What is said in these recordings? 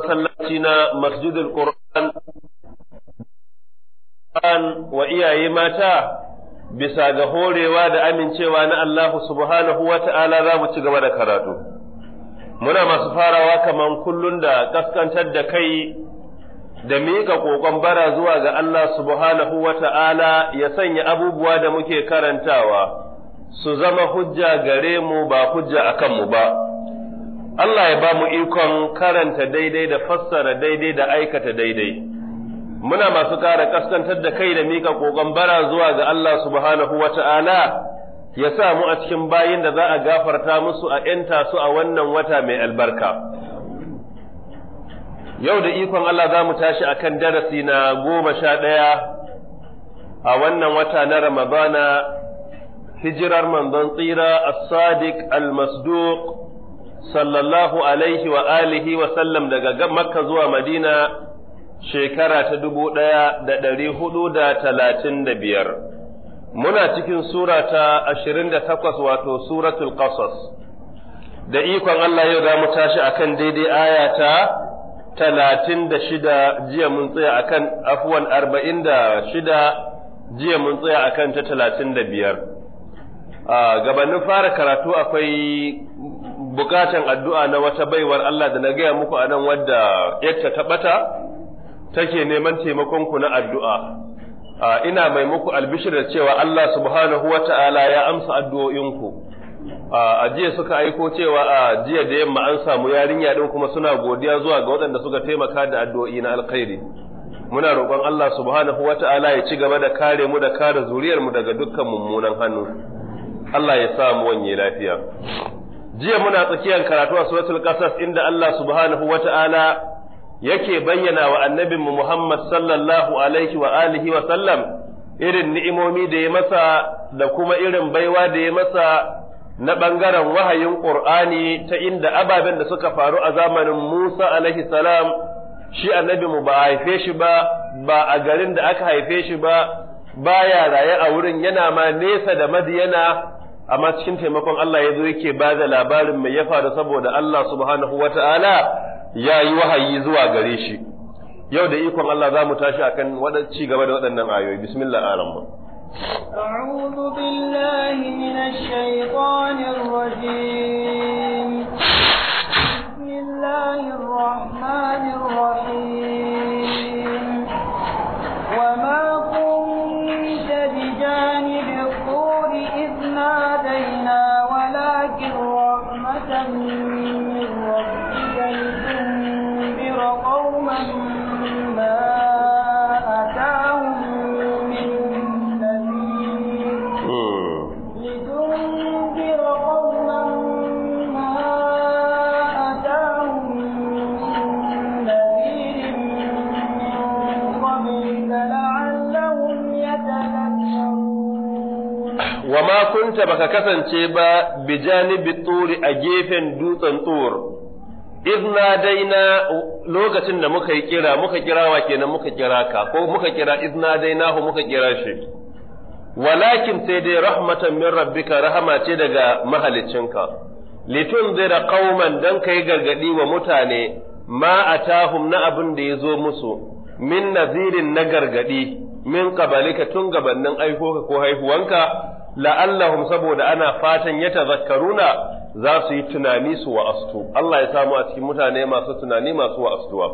masallaci na masjidul Qur'an wa iyaye mata bisa ga horewa da amincewa na Allah subhanahu wa ta'ala za mu ci gaba da karatu. Muna masu farawa kamar kullun da kaskantar da kai da miƙa ƙoƙon bara zuwa ga Allah subhanahu wa ta'ala ya sanya abubuwa da muke karantawa su zama hujja gare mu ba hujja a kanmu ba. Allah ya ba mu ikon karanta daidai da fassara daidai da aikata daidai. Muna masu kara kaskantar da kai da mika kokon bara zuwa ga Allah subhanahu wa ta'ala ya sa mu a cikin bayin da za a gafarta musu a ‘yanta su a wannan wata mai albarka. Yau da ikon Allah za mu tashi a kan darasi na goma sha ɗaya a wannan wata na Ramadana hijirar manzon tsira as-sadiq al-masduq sallallahu alaihi wa alihi wa sallam daga makka zuwa madina shekara ta dubu ɗaya da ɗari hudu da talatin da biyar muna cikin sura ta ashirin da takwas wato suratul qasas da ikon Allah yau za mu tashi akan daidai aya ta talatin da shida jiya mun tsaya akan afuwan arba'in da shida jiya mun tsaya akan ta talatin da biyar gabanin fara karatu akwai bukatan addu'a na wata baiwar Allah da na gaya muku a nan wadda yadda ta bata take neman taimakon ku na addu'a. Ina mai muku albishir da cewa Allah subhanahu wa ta'ala ya amsa addu'o'inku. A jiya suka aiko cewa a jiya da yamma an samu yarinya ɗin kuma suna godiya zuwa ga waɗanda suka taimaka da addu'o'i na alkhairi. Muna roƙon Allah subhanahu wa ta'ala ya ci gaba da kare mu da kare zuriyarmu daga dukkan mummunan hannu. Allah ya sa mu wanye lafiya. jiya muna tsakiyar karatu a suratul qasas inda Allah subhanahu wata'ala yake bayyana wa annabin mu Muhammad sallallahu alaihi wa alihi wa sallam irin ni'imomi da ya masa da kuma irin baiwa da ya masa na bangaren wahayin Qur'ani ta inda ababen da suka faru a zamanin Musa alaihi salam shi annabi mu ba haife shi ba ba a garin da aka haife shi ba baya raye a wurin yana ma nesa da Madiyana amma cikin taimakon Allah ya zo yake ba da labarin mai ya faru saboda Allah subhanahu wa ta'ala ya yi wahayi zuwa gare shi. Yau da ikon Allah za mu tashi akan ci gaba da waɗannan ayoyi, bismillah a أعوذ بالله من ربكم da baka kasance ba janibi turi a gefen dutsen tur idna daina lokacin da muka yi kira muka kira wa kenan muka kira ka ko muka kira izna daina hu muka kira shi walakin sai dai rahmatan min rabbika rahama ce daga mahalicinka litun zira qauman dan kai gargadi wa mutane ma atahum na abin da ya zo musu min nazirin na gargadi min qabalika tun gabannin aiko ka ko haihuwanka la'allahum saboda ana fatan ya tazakkaruna za su yi tunani su wa'astu Allah ya samu a cikin mutane masu tunani masu wa'astuwa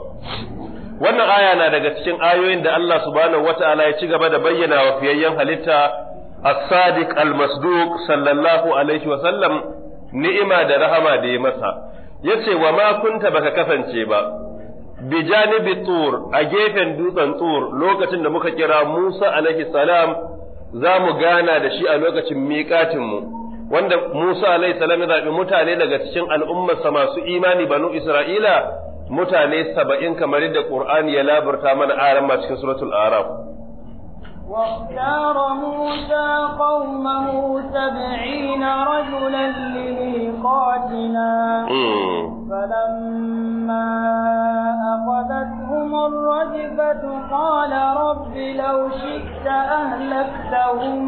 wannan aya na daga cikin ayoyin da Allah subhanahu wata'ala ya ci gaba da bayyana wa fiyayyen halitta as-sadiq al-masduq sallallahu alaihi wa sallam ni'ima da rahama da ya masa Ya ce wa ma kunta baka kasance ba bi janibi tur a gefen dutsen tur lokacin da muka kira Musa alaihi salam za mu gana da shi a lokacin miƙatinmu wanda Musa alaihi salam ya zaɓi mutane daga cikin al'ummarsa masu imani banu Isra'ila mutane saba'in kamar yadda Qur'ani ya labarta mana aran ma cikin suratul Araf. واختار موسى قومه سبعين رجلا لميقاتنا فلما أخذت أتتهم الرجفة قال رب لو شئت أهلكتهم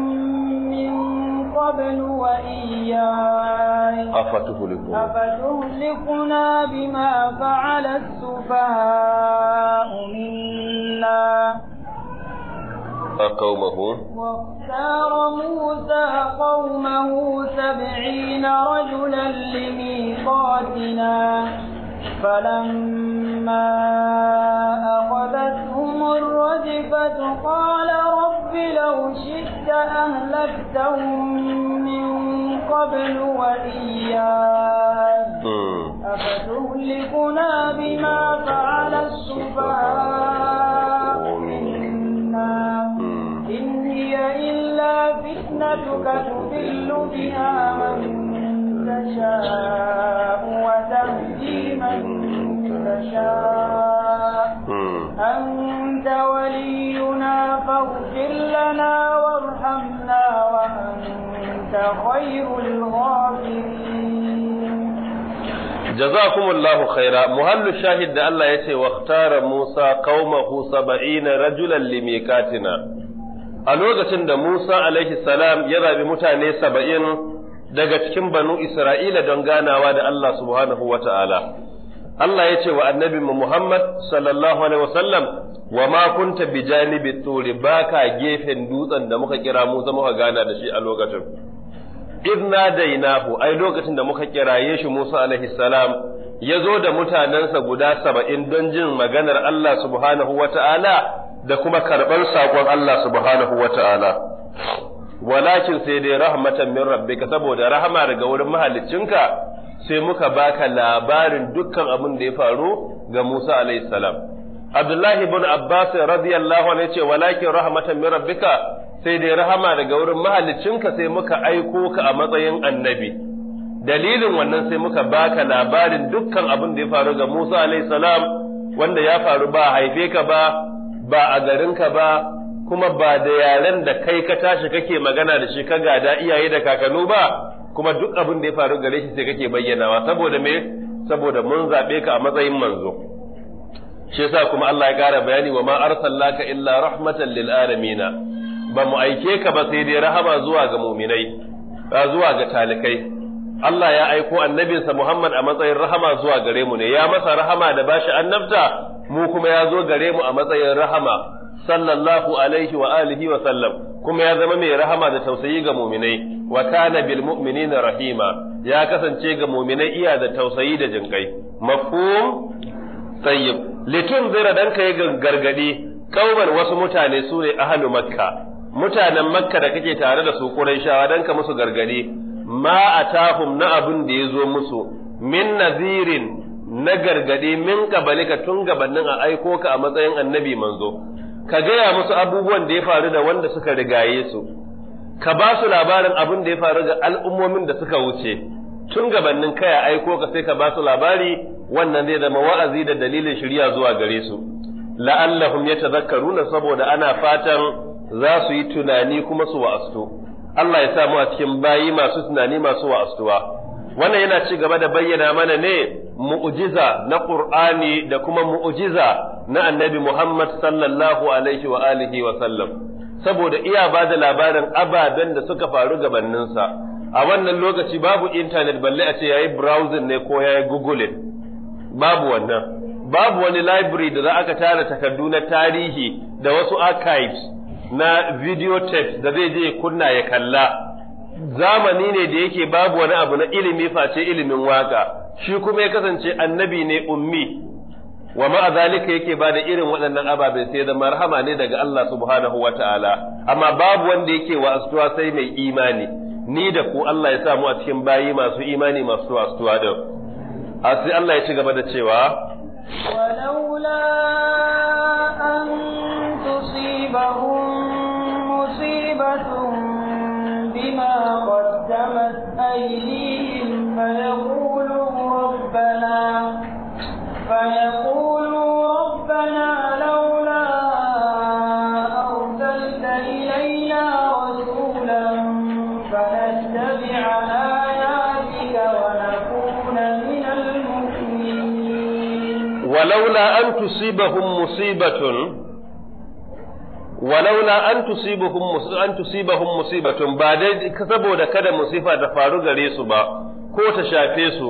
من قبل وإياي أفتهلكنا, أفتهلكنا بما فعل السفهاء منا قومه واختار موسى قومه سبعين رجلا لميقاتنا فلما أخذتهم الرجفة قال رب لو شئت أهلكتهم من قبل وإياي أفتهلكنا بما فعل السفهاء منا إن هي إلا فتنتك تضل بها من نشاء وتهدي من نشاء أنت ولينا فاغفر لنا وارحمنا وأنت خير الغافرين جزاكم الله خيرا محل الشاهد الله يتي واختار موسى قومه سبعين رجلا لميقاتنا a lokacin da Musa alaihi salam ya zabi mutane saba'in daga cikin banu Isra'ila don ganawa da Allah subhanahu wa ta'ala. Allah ya ce wa annabi Muhammad sallallahu alaihi wasallam wa ma kunta bi janibi turi ba gefen dutsen da muka kira Musa muka gana da shi a lokacin. Idna dainahu ai lokacin da muka kiraye shi Musa alaihi salam ya zo da mutanensa guda saba'in don jin maganar Allah subhanahu wa ta'ala da kuma karɓar saƙon Allah subhanahu wa ta'ala. walakin sai dai rahmatan min rabbika saboda rahama daga wurin mahaliccinka sai muka baka labarin dukkan abin da ya faru ga Musa alayhi salam Abdullahi ibn Abbas radiyallahu anhu yace walakin rahmatan min rabbika sai dai rahama daga wurin mahalicinka sai muka aiko ka a matsayin annabi dalilin wannan sai muka baka labarin dukkan abin da ya faru ga Musa alayhi salam wanda ya faru ba haife ka ba ba a garinka ba kuma ba da yaren da kai ka tashi kake magana da shi ka gada iyaye da kakanu ba kuma duk abin da ya faru gare shi sai kake bayyanawa saboda me saboda mun zabe ka a matsayin manzo shi yasa kuma Allah ya ƙara bayani wa ma arsalaka illa rahmatan lil alamin ba mu aike ka ba sai dai rahama zuwa ga mu'minai ba zuwa ga talikai Allah ya aiko annabinsa Muhammad a matsayin rahama zuwa gare mu ne ya masa rahama da bashi annabta mu kuma ya zo gare mu a matsayin rahama sallallahu alaihi wa alihi wa sallam kuma ya zama mai rahama da tausayi ga muminai wa kana bil mu'minina rahima ya kasance ga muminai iya da tausayi da jinkai mafhum tayyib litun zira dan kai gargadi kauman wasu mutane su ne ahlu makka mutanen makka da kake tare da su shawa dan ka musu gargadi ma atahum na abun da yazo musu min nazirin na gargadi min kabalika tun gabanin a aiko ka a matsayin annabi manzo ka gaya musu abubuwan da ya faru da wanda suka rigaye su ka ba su labarin abin da ya faru ga al'ummomin da suka wuce tun gabannin kaya aiko ka sai ka ba su labari wannan zai zama wa'azi da dalilin shirya zuwa gare su la'allahum yatadhakkaruna saboda ana fatan za su yi tunani kuma su wa'astu Allah ya samu a cikin bayi masu tunani masu wa'astuwa wannan yana ci gaba da bayyana mana ne mu'jiza na Qur'ani da kuma mu'jiza na Annabi Muhammad sallallahu alaihi wa alihi wa sallam saboda iya ba da labarin ababen da suka faru gabaninsa a wannan lokaci babu intanet balle a ce yayi browsing ne ko yayi googling babu wannan babu wani library da za aka tara takardu na tarihi da wasu archives na videotapes da zai je kunna ya kalla zamani ne da yake babu wani abu na ilimi face ilimin waka shi kuma ya kasance annabi ne ummi wa ma'azalika yake ba da irin waɗannan ababe sai da marhama ne daga Allah subhanahu wa ta'ala amma babu wanda yake wa'astuwa sai mai imani ni da ku Allah ya sa mu a cikin bayi masu imani masu wa'astuwa da sai Allah ya ci gaba da cewa ولولا an tusibahum مصيبة بما قدمت أيديهم فيقولوا ربنا فيقولوا ربنا لولا أرسلت إلينا رسولا فنتبع آياتك ونكون من المؤمنين ولولا أن تصيبهم مصيبة walaula an tusibuhum an tusibahum musibatun ba dai saboda kada musifa ta faru gare su ba ko ta shafe su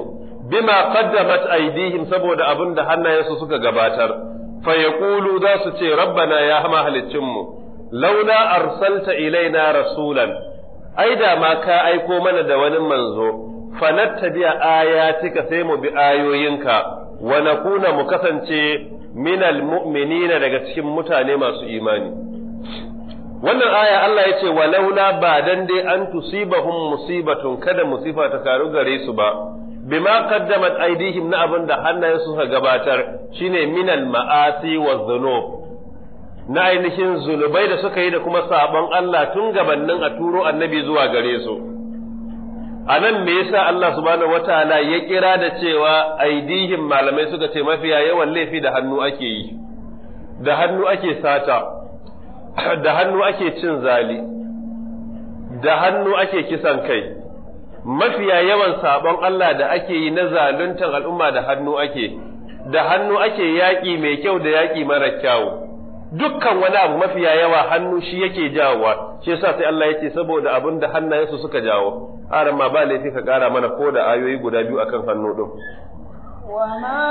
bima qaddamat aydihim saboda abin da hannayensu suka gabatar fa kulu za su ce rabbana ya hama halicin mu laula arsalta ilaina rasulan ai da ma ka aiko mana da wani manzo fa aya cika sai mu bi ayoyinka wa kuna mu kasance minal na daga cikin mutane masu imani wannan aya Allah ya ce wa launa ba dan dai an tusibahum musibatun kada musifa ta karu gare su ba bima qaddamat aydihim na abin da hannayen suka gabatar shine minal ma'asi wa dhunub na ainihin zunubai da suka yi da kuma sabon Allah tun gabannin a turo annabi zuwa gare su a nan me yasa Allah subhanahu wataala ya kira da cewa aidihim malamai suka ce mafiya yawan laifi da hannu ake yi da hannu ake sata da hannu ake cin zali da hannu ake kisan kai mafiya yawan sabon Allah da ake yi na zaluntar al'umma da hannu ake da hannu ake yaƙi mai kyau da yaƙi mara kyau dukkan wani abu mafiya yawa hannu shi yake jawowa shi yasa sai Allah yake saboda abin da hannayensu suka jawo aran ma ba laifi ka kara mana ko da ayoyi guda biyu akan hannu din وما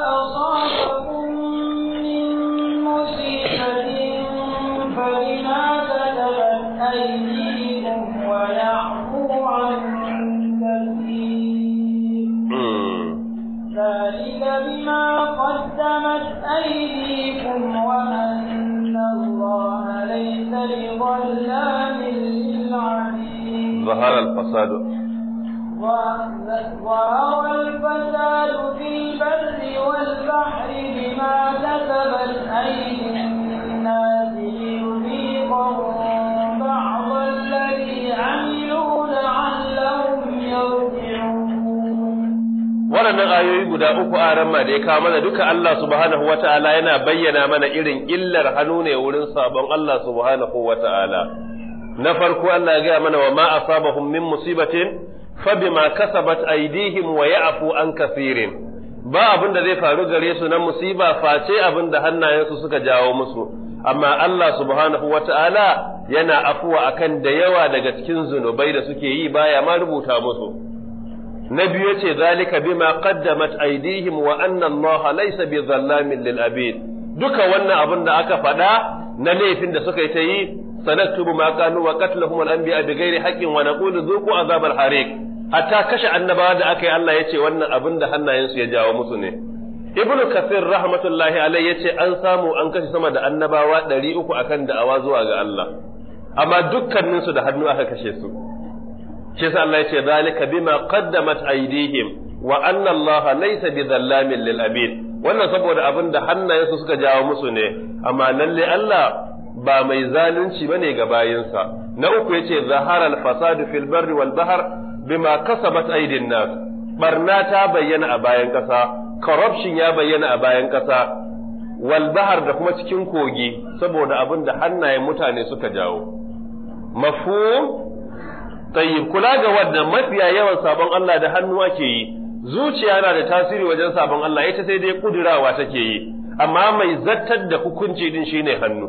أصابكم min musibati بما كتبت أيديكم ويعفو عن كثير ذلك بما قدمت أيديكم وأن الله ليس بظلام للعبيد ظهر الفساد وروى الفساد في البر والبحر بما كسبت أيديكم waɗannan ayoyi guda uku a ranma da ya kawo mana duka Allah subhanahu ta'ala yana bayyana mana irin illar hannu ne wurin sabon Allah subhanahu ta'ala. na farko Allah ya gaya mana wa ma asabahum min musibatin fa bima bat aydihim wa afu an kasirin ba abin da zai faru gare su na musiba face abin da hannayensu suka jawo musu amma Allah subhanahu ta'ala yana afuwa akan da yawa daga cikin zunubai da suke yi baya ma rubuta musu na biyu yace zalika bima qaddamat aydihim wa anna allaha laysa bi zallamin lil abid duka wannan abun da aka faɗa na laifin da suka yi ta yi sanaktubu ma kanu wa qatlahum al anbiya bi ghairi haqqin wa naqulu dhuqu azab al hariq hatta kashe annabawa da aka yi Allah yace wannan abin da hannayensu ya jawo musu ne ibnu kasir rahmatullahi alayhi yace an samu an kashe sama da annabawa 300 akan da'awa zuwa ga Allah amma dukkaninsu da hannu aka kashe su shi yasa Allah ya zalika bima qaddamat aydihim wa anna Allah laysa bidhallamin lil abid wannan saboda abin da hannayensu suka jawo musu ne amma lalle Allah ba mai zalunci bane ga bayinsa na uku yace zahara al fasadu fil barri wal bahr bima kasabat aydin nas barna ta bayyana a bayan kasa corruption ya bayyana a bayan kasa walbahar da kuma cikin kogi saboda abin da hannayen mutane suka jawo. Mafu tayyib kula ga wannan mafiya yawan sabon Allah da hannu ake yi zuciya na da tasiri wajen sabon Allah ita sai dai kudurawa take yi amma mai zattar da hukunci din shine hannu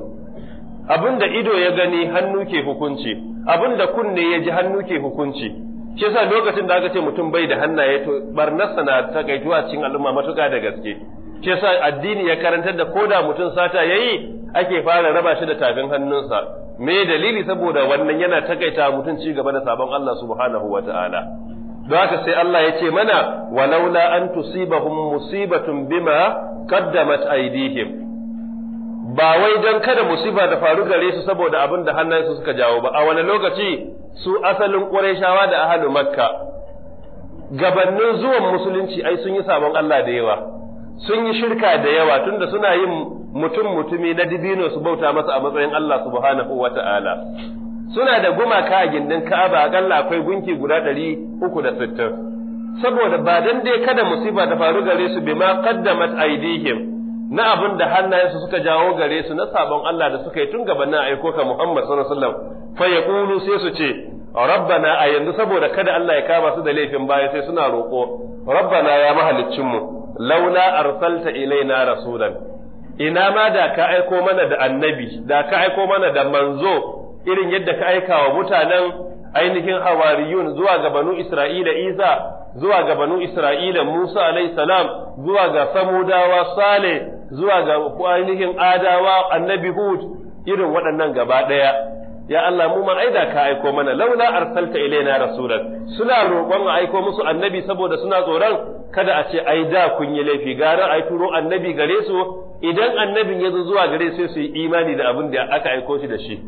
abinda ido ya gani hannu ke hukunci abinda kunne ya ji hannu ke hukunci shi yasa lokacin da aka ce mutum bai da hannaye to barnarsa na takaituwa cikin al'umma matuƙa da gaske shi yasa addini ya karantar da koda mutum sata yayi ake fara raba shi da tafin hannunsa me dalili saboda wannan yana takaita mutum ci gaba da sabon Allah subhanahu wa ta'ala don haka sai Allah ya ce mana walaula an tusibahum musibatun bima qaddamat aydihim ba wai don kada musiba da faru gare su saboda abin da hannayensu suka jawo ba a wani lokaci su asalin ƙurayshawa da ahalu makka Gabanin zuwan musulunci ai sun yi sabon Allah da yawa sun yi shirka da yawa tunda suna yin mutum mutumi na dibino su bauta masa a matsayin Allah subhanahu wa ta'ala suna da gumaka a gindin Ka'aba akalla akwai gunki guda ɗari uku da sittin saboda ba dan dai kada musiba ta faru gare su bima qaddamat aidihim na abin da hannayensu suka jawo gare su na sabon Allah da suka yi tun gaba nan aiko ka Muhammad sallallahu alaihi wasallam fa yaqulu sai su ce rabbana a yanzu saboda kada Allah ya kama su da laifin baya sai suna roko rabbana ya mahaliccin mu laula arsalta ilaina rasulan ina ma da ka aiko mana da annabi da ka aiko mana da manzo irin yadda ka aika wa mutanen ainihin hawariyun zuwa ga banu isra'ila isa zuwa ga banu isra'ila musa alayhi salam zuwa ga samudawa sale zuwa ga ainihin adawa annabi hud irin waɗannan gaba ɗaya ya Allah mu ma aida ka aiko mana laula arsalta ilaina rasulan suna roƙon a aiko musu annabi saboda suna tsoron kada a ce ai da kun yi laifi gara ai turo annabi gare su idan annabin ya zo zuwa gare su su yi imani da abin da aka aiko shi da shi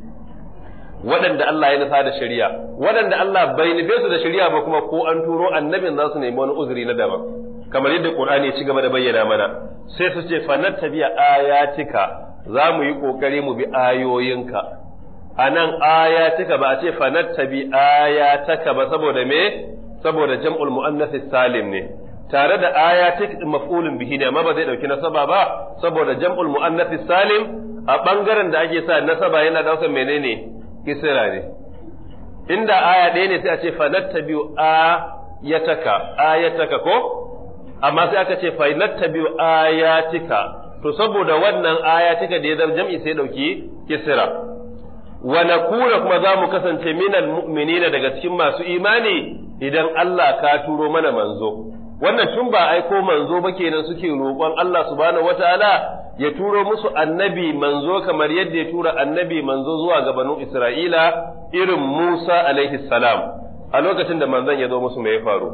waɗanda Allah ya nufa da shari'a waɗanda Allah bai nufe su da shari'a ba kuma ko an turo annabin za su nemi wani uzuri na daban kamar yadda Qur'ani ya ci gaba da bayyana mana sai su ce fa nattabi ayatika za mu yi kokari mu bi ayoyinka a nan ayataka ba a ce fanattabi ayataka ba saboda me saboda jam'ul mu'annasis salim ne tare da ayatik maf'ulun bihi ne amma ba zai dauki nasaba ba saboda jam'ul mu'annasis salim a bangaren da ake sa nasaba yana daukar menene kisra ne inda aya ɗaya ne sai a ce fanattabi ayataka ayataka ko amma sai aka ce fanattabi ayatika to saboda wannan ayatika da ya zama jam'i sai dauki kisra wa nakuna kuma za mu kasance minal mu'minina daga cikin masu imani idan Allah ka turo mana manzo wannan tun ba aiko manzo ba kenan suke roƙon Allah subhanahu wataala ya turo musu annabi manzo kamar yadda ya tura annabi manzo zuwa ga banu Isra'ila irin Musa alaihi salam a lokacin da manzon ya zo musu mai faru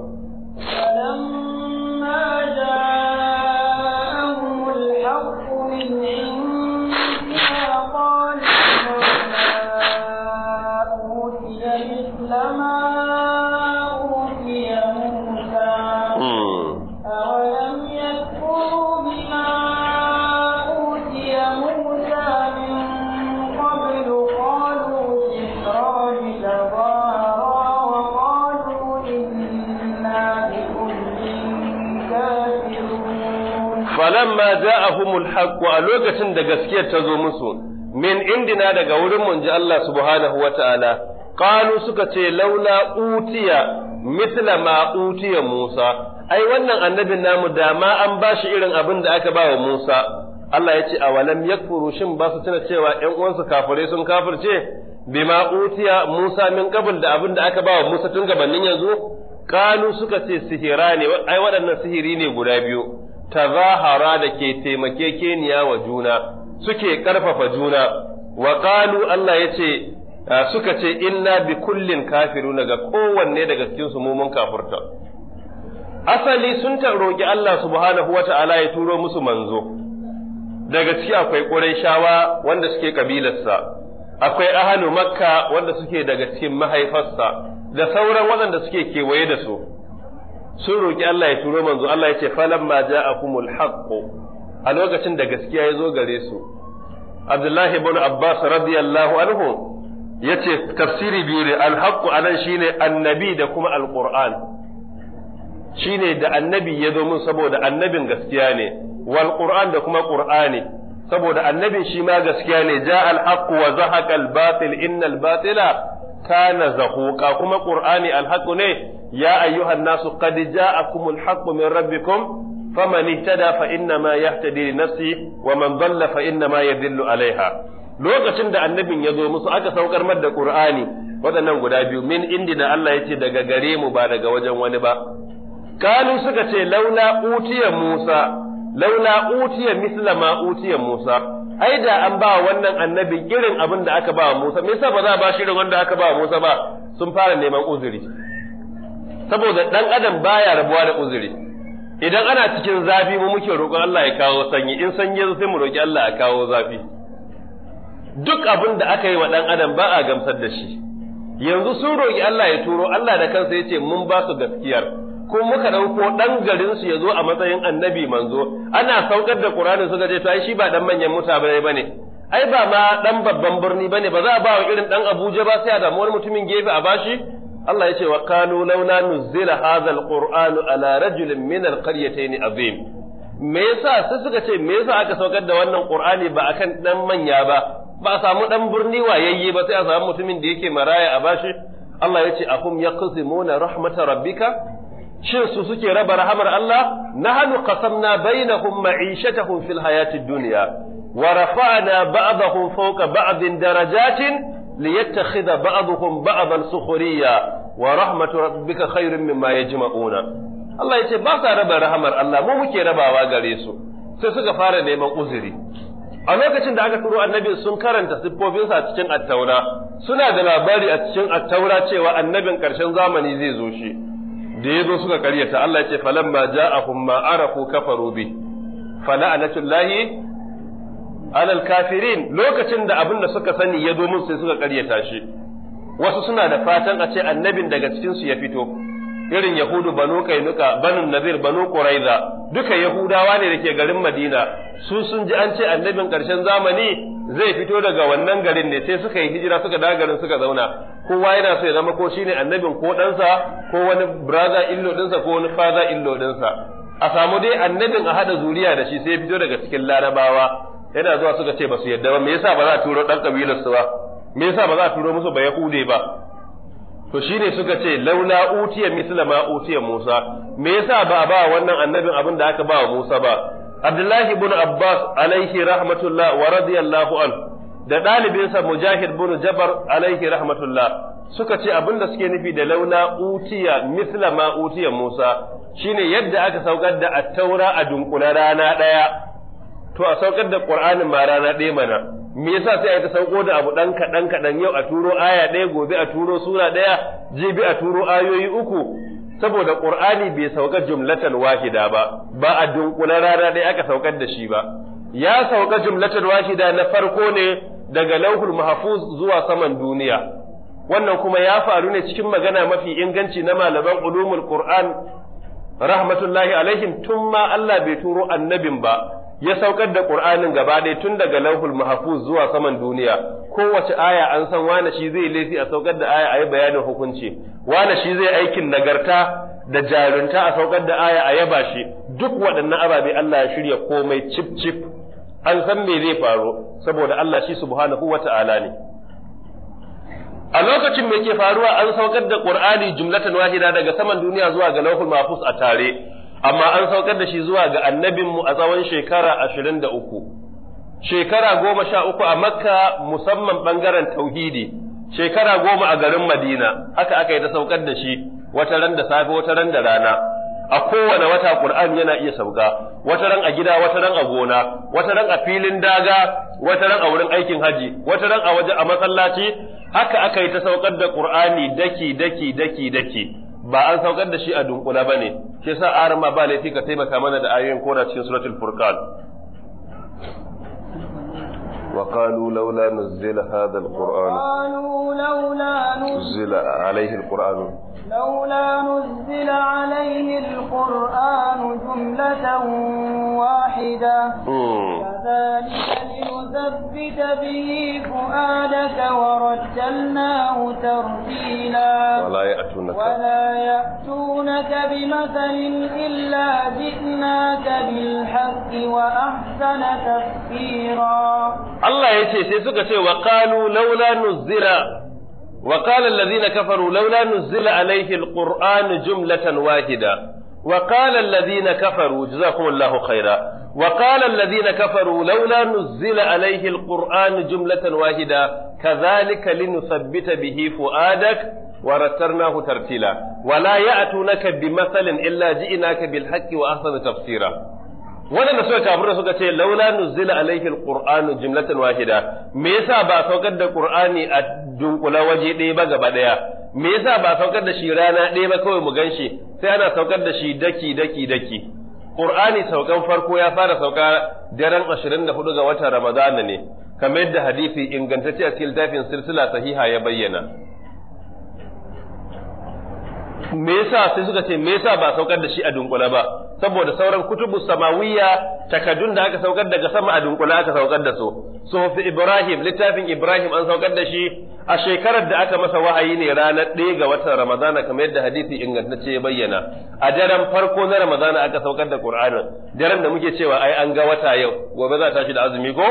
أوتي مثل ما أوتي موسى أولم يكفروا بما أوتي موسى من قبل قالوا سحران تظاهرا وقالوا إنا بكل كافرون فلما جاءهم الحق ولوكة دقسكية تزومسون min indina daga wurin mun ji Allah subhanahu wa ta'ala, ƙalu suka ce laula utiya mitla ma utiya Musa, ai wannan annabin namu da ma an ba shi irin abin da aka ba wa Musa, Allah ya ce a walam yakfuru shin ba su tuna cewa ‘yan uwansu kafirai sun kafirce, bima utiya Musa min kabul da abin da aka ba wa Musa tun gabanin yanzu, ƙalu suka ce sihira ne, ai waɗannan sihiri ne guda biyu, tazahara da ke taimakekeniya wa juna. suke ƙarfafa juna wa qalu Allah yace ah, suka ce inna bi kullin kafiruna ga kowanne daga cikin su mun kafurta asali sun roki Allah subhanahu wata'ala ya turo musu manzo daga ciki akwai shawa wanda suke kabilarsa akwai ahalu makka wanda suke daga cikin mahaifarsa da sauran waɗanda suke kewaye da su sun roki Allah ya turo manzo Allah ya ce falamma ja'akumul haqqu a lokacin da gaskiya ya zo gare su abdullahi ibn abbas radiyallahu anhu yace tafsiri biyu ne a anan shine annabi da kuma alquran shine da annabi ya zo mun saboda annabin gaskiya ne wal ƙuran da kuma Ƙur'ani. saboda annabin shi ma gaskiya ne ja alhaqqu wa zahaqa inna innal batila kana zahuƙa. kuma ƙur'ani alhaqqu ne ya ayyuhan nasu qad ja'akumul haqqu min rabbikum فمن اهتدى فانما يهتدي لنفسه ومن ضل فانما wa عليها dalla lokacin da annabin ya zo musu aka saukar mar da qur'ani waɗannan guda biyu min indina Allah yace daga gare mu ba daga wajen wani ba kanu suka ce launa utiya Musa launa utiya misla ma utiya Musa ai da an ba wannan annabi irin abin da aka ba Musa me yasa ba za a ba shi wanda aka ba Musa ba sun fara neman uzuri saboda dan adam baya rabuwa da uzuri idan ana cikin zafi mu muke roƙon Allah ya kawo sanyi in sanyi sai mu roƙi Allah ya kawo zafi duk abin da aka yi wa ɗan adam ba a gamsar da shi yanzu sun roƙi Allah ya turo Allah da kansa ya ce mun ba su gaskiyar ko muka ɗauko ɗan garin su ya zo a matsayin annabi manzo ana saukar da ƙuranin suka ce to ai shi ba ɗan manyan mutane ba ne. ai ba ma ɗan babban birni ba ne, ba za a ba wa irin ɗan Abuja ba sai a damu wani mutumin gefe a bashi Allah ya ce wa kanu laula nuzila hadha alqur'anu ala rajulin min alqaryatayn azim me yasa sai suka ce me yasa aka saukar da wannan qur'ani ba akan dan manya ba ba a samu dan birni wayayye ba sai a samu mutumin da yake maraya a bashi Allah ya ce akum yaqsimuna rahmata rabbika shin su suke raba rahamar Allah nahnu qasamna bainahum ma'ishatahum fil hayatid dunya wa rafa'na ba'dahum fawqa ba'din darajatin liyattakhidha ba'dhum ba'dan sukhriya wa rahmatu rabbika khairun mimma yajma'una Allah yace ba sa raba rahamar Allah mu muke rabawa gare su sai suka fara neman uzuri a lokacin da aka turo annabi sun karanta siffofinsa a cikin attaura suna da labari a cikin attaura cewa annabin karshen zamani zai zo shi da ya zo suka karyata Allah ya ce falamma ja'ahum ma arafu kafaru bi fala'anatullahi alal kafirin lokacin da abin da suka sani ya zo musu sai suka karyata shi wasu suna da fatan a ce annabin daga cikin su ya fito irin yahudu banu kainuka banu nazir banu quraiza duka yahudawa ne dake garin madina su sun ji an ce annabin karshen zamani zai fito daga wannan garin ne sai suka yi hijira suka dawo garin suka zauna kowa yana so ya zama ko shine annabin ko ɗansa ko wani brother illo ɗinsa ko wani father illo ɗinsa a samu dai annabin a haɗa zuriya da shi sai ya fito daga cikin larabawa yana zuwa suka ce ba su yadda ba me yasa ba za a turo dan kabilar su ba me yasa ba za a turo musu ba yahude ba to shine suka ce laula utiya misla ma utiya Musa me yasa ba a ba wannan annabin abin da aka ba wa Musa ba Abdullahi ibn Abbas alaihi rahmatullah wa radiyallahu an da ɗalibinsa Mujahid ibn Jabar alaihi rahmatullah suka ce abin da suke nufi da laula utiya misla ma utiya Musa shine yadda aka saukar da at-taura a dunkula rana ɗaya to a saukar da Qur'anin ma rana ɗaya mana me yasa sai a ta sauko da abu ɗan kaɗan kaɗan yau a turo aya ɗaya gobe a turo sura ɗaya jibi a turo ayoyi uku saboda Qur'ani bai sauka jumlatan wahida ba ba a dunkula rana ɗaya aka saukar da shi ba ya sauka jumlatan wahida na farko ne daga lauhul mahfuz zuwa saman duniya wannan kuma ya faru ne cikin magana mafi inganci na malaman ulumul Qur'an rahmatullahi alaihim tun ma Allah bai turo annabin ba ya saukar da Qur'anin gaba ɗaya tun daga lauhul mahfuz zuwa saman duniya kowace aya an san wane shi zai laifi a saukar da aya ayi bayanin hukunci wane shi zai aikin nagarta da jarunta a saukar da aya a yaba shi duk waɗannan ababe Allah ya shirya komai cip cip an san me zai faru saboda Allah shi subhanahu wata'ala ne a lokacin me ke faruwa an saukar da Qur'ani jumlatan wahida daga saman duniya zuwa ga lauhul mahfuz a tare amma an saukar da shi zuwa ga annabinmu a tsawon shekara ashirin da uku shekara goma sha uku a makka musamman ɓangaren tauhidi shekara goma a garin madina haka aka yi ta saukar da shi wata ran da safe wata ran da rana a kowane wata Kur'an yana iya sauka wata ran a gida wata ran a gona wata ran a filin daga wata ran a wurin aikin haji wata ran a waje a masallaci haka aka yi ta saukar da Kur'ani daki daki daki daki ba an saukar da shi a dunkula ba ne shi yasa arama ba laifi ka taimaka mana da ayoyin koda cikin suratul furqan وقالوا لولا نزل هذا القرآن قالوا لولا نزل عليه القرآن لولا نزل عليه القرآن جملة واحدة كذلك لنثبت به فؤادك ورتلناه ترتيلا ولا يأتون يأتونك ولا يأتونك بمثل إلا جئناك بالحق وأحسن تفسيرا الله يتي سيسوك سي وقالوا لولا نزل وقال الذين كفروا لولا نزل عليه القرآن جملة واحدة وقال الذين كفروا جزاكم الله خيرا وقال الذين كفروا لولا نزل عليه القرآن جملة واحدة كذلك لنثبت به فؤادك wa naku tartila wala ya'tunaka bi masalin illa ji'naka bil haqqi wa ahsana tafsira waɗanda suka kafirta suka ce laula nuzila alaihi alqur'anu jumlatan wahida me yasa ba saukar da qur'ani a dunkula waje ɗaya ba gaba ɗaya me yasa ba saukar da shi rana ɗaya ba kawai mu ganshi sai ana saukar da shi daki daki daki qur'ani saukan farko ya fara sauka daren 24 ga watan ramadana ne kamar yadda hadisi ingantacce a cikin littafin silsila sahiha ya bayyana me yasa sai suka ce me yasa ba saukar da shi a dunkula ba saboda sauran kutubu samawiyya takaddun da aka saukar daga sama a dunkula aka saukar da su so Ibrahim littafin Ibrahim an saukar da shi a shekarar da aka masa wahayi ne ranar ɗaya ga watan Ramadana kamar yadda hadisi ingantacce ya bayyana a daren farko na Ramadana aka saukar da Qur'anin daren da muke cewa ai an ga wata yau gobe za ta shi da azumi ko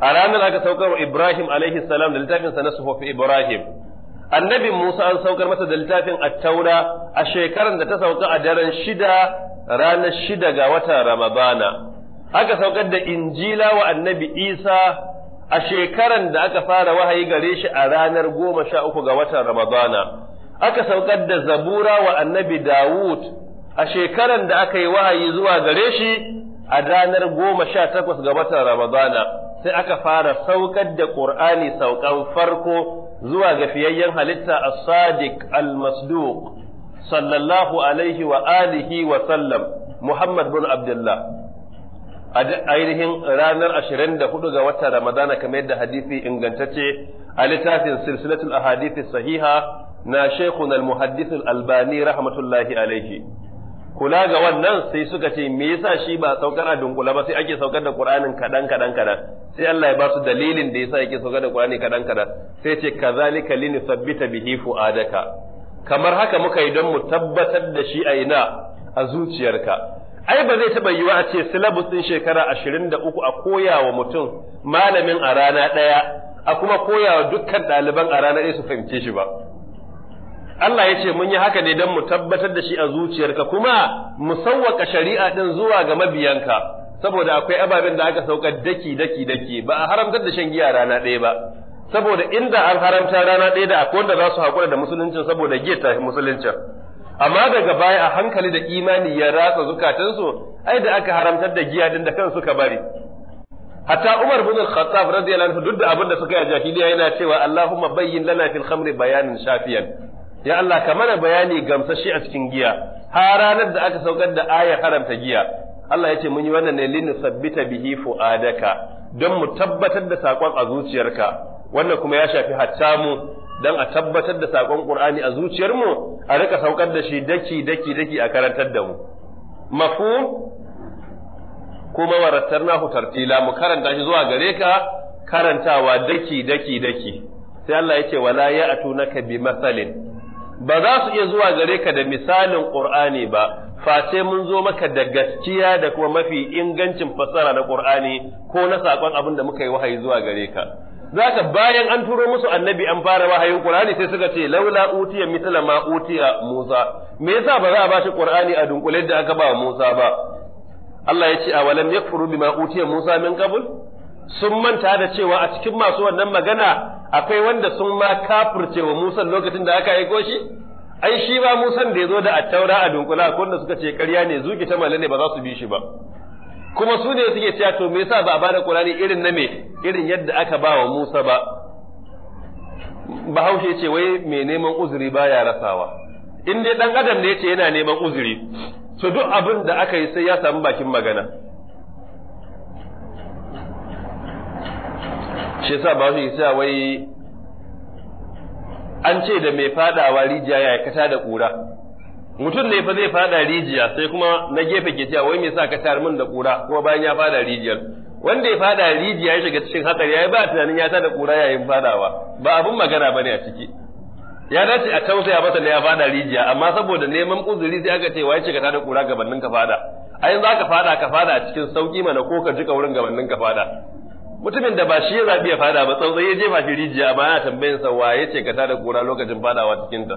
a ranar aka saukar Ibrahim alaihi salam da littafin sa na sufofi Ibrahim Annabi Musa an saukar masa da littafin attaura a shekaran da ta sauka a daren shida ranar shida ga watan Ramadana. Aka saukar da Injila wa annabi Isa a shekaran da aka fara wahayi gare shi a ranar goma sha uku ga watan Ramadana. Aka saukar da Zabura wa annabi Dawud a shekaran da aka yi wahayi zuwa gare shi a ranar goma sha takwas ga watan Ramadana. Sai aka fara saukar da Ƙur'ani saukan farko zuwa ga fiyayyen halitta a sadiq al-masduq sallallahu alaihi wa alihi wa sallam Muhammad bin Abdullah a ainihin ranar 24 ga watan Ramadana kamar yadda hadisi ingantacce a littafin silsilatul ahadith sahiha na Sheikhun al-Muhaddith al-Albani rahmatullahi alaihi kula ga wannan sai suka ce me yasa shi ba saukar a dunkula ba sai ake saukar da Qur'anin kadan kadan kadan sai Allah ya ba su dalilin da yasa yake saukar da Qur'ani kadan kadan sai ce kazalika linusabbita bihi fuadaka kamar haka muka yi don mu tabbatar da shi a ina a zuciyarka ai ba zai taba yiwa a ce syllabus din shekara 23 a koya wa mutum malamin a rana daya a kuma koya wa dukkan ɗaliban a rana ɗaya su fahimce shi ba Allah ya ce mun yi haka ne don mu tabbatar da shi a zuciyarka kuma mu sauwaka shari'a din zuwa ga mabiyanka saboda akwai ababen da aka saukar daki daki daki ba a haramtar da shan giya rana ɗaya ba saboda inda an haramta rana ɗaya da akwai wanda za su haƙura da musuluncin saboda giya ta musuluncin amma daga baya a hankali da imani ya ratsa zukatansu ai da aka haramtar da giya din da kan suka bari hatta Umar bin Al-Khattab radiyallahu anhu duk da abin da suka yi a jahiliya yana cewa Allahumma bayyin lana fil khamri bayanin shafiyan ya Allah ka mana bayani gamsashi a cikin giya har ranar da aka saukar da aya haramta giya Allah ya ce mun yi wannan ne lin sabbita bihi fuadaka don mu tabbatar da sakon a zuciyarka wannan kuma ya shafi hatta mu don a tabbatar da sakon Qur'ani a zuciyar mu a rika saukar da shi daki daki daki a karantar da mu Mafu kuma warattarnahu tartila mu karanta shi zuwa gare ka karantawa daki daki daki sai Allah ya ce wala ya'tunaka bi masalin ba za su iya zuwa gare ka da misalin Qur'ani ba face mun zo maka da gaskiya da kuma mafi ingancin fassara na Qur'ani ko na saƙon abin da muka yi wahayi zuwa gare ka zaka bayan an turo musu annabi an fara wahayin Qur'ani sai suka ce laula utiya mithla ma utiya Musa me yasa ba za a bashi Qur'ani a dunkule da aka ba Musa ba Allah ya ce a walam yakfuru bima utiya Musa min qabl sun manta da cewa a cikin masu wannan magana akwai wanda sun ma kafirce wa Musa lokacin da aka aiko shi ai shi ba Musan da ya zo da attaura a dunkula akwai wanda suka ce ƙarya ne zuki ta mala ne ba za su bi shi ba kuma su ne suke cewa to me yasa ba a bada Qur'ani irin na me irin yadda aka ba wa Musa ba Bahaushe ce wai mai neman uzuri ba ya rasawa in dai dan adam ne yace yana neman uzuri to duk abin da aka yi sai ya samu bakin magana shi yasa ba shi yasa wai an ce da mai fadawa rijiya ya aikata da kura mutum ne fa zai fada rijiya sai kuma na gefe ke cewa wai me yasa ka tar min da kura kuma bayan ya fada rijiyar wanda ya fada rijiya ya shiga cikin hatsari yayi ba tunanin ya tada kura yayin fadawa ba abun magana bane a ciki ya dace a ya masa da ya fada rijiya amma saboda neman uzuri sai aka ce wai shiga ta tada kura gabanin ka fada a yanzu aka fada ka fada a cikin sauki mana ko ka jika wurin gabanin ka fada mutumin da ba shi ya zaɓi ya fada ba tsautsai ya jefa shi rijiya ba yana tambayin sa wa ya ce ka tada kura lokacin fadawa cikin ta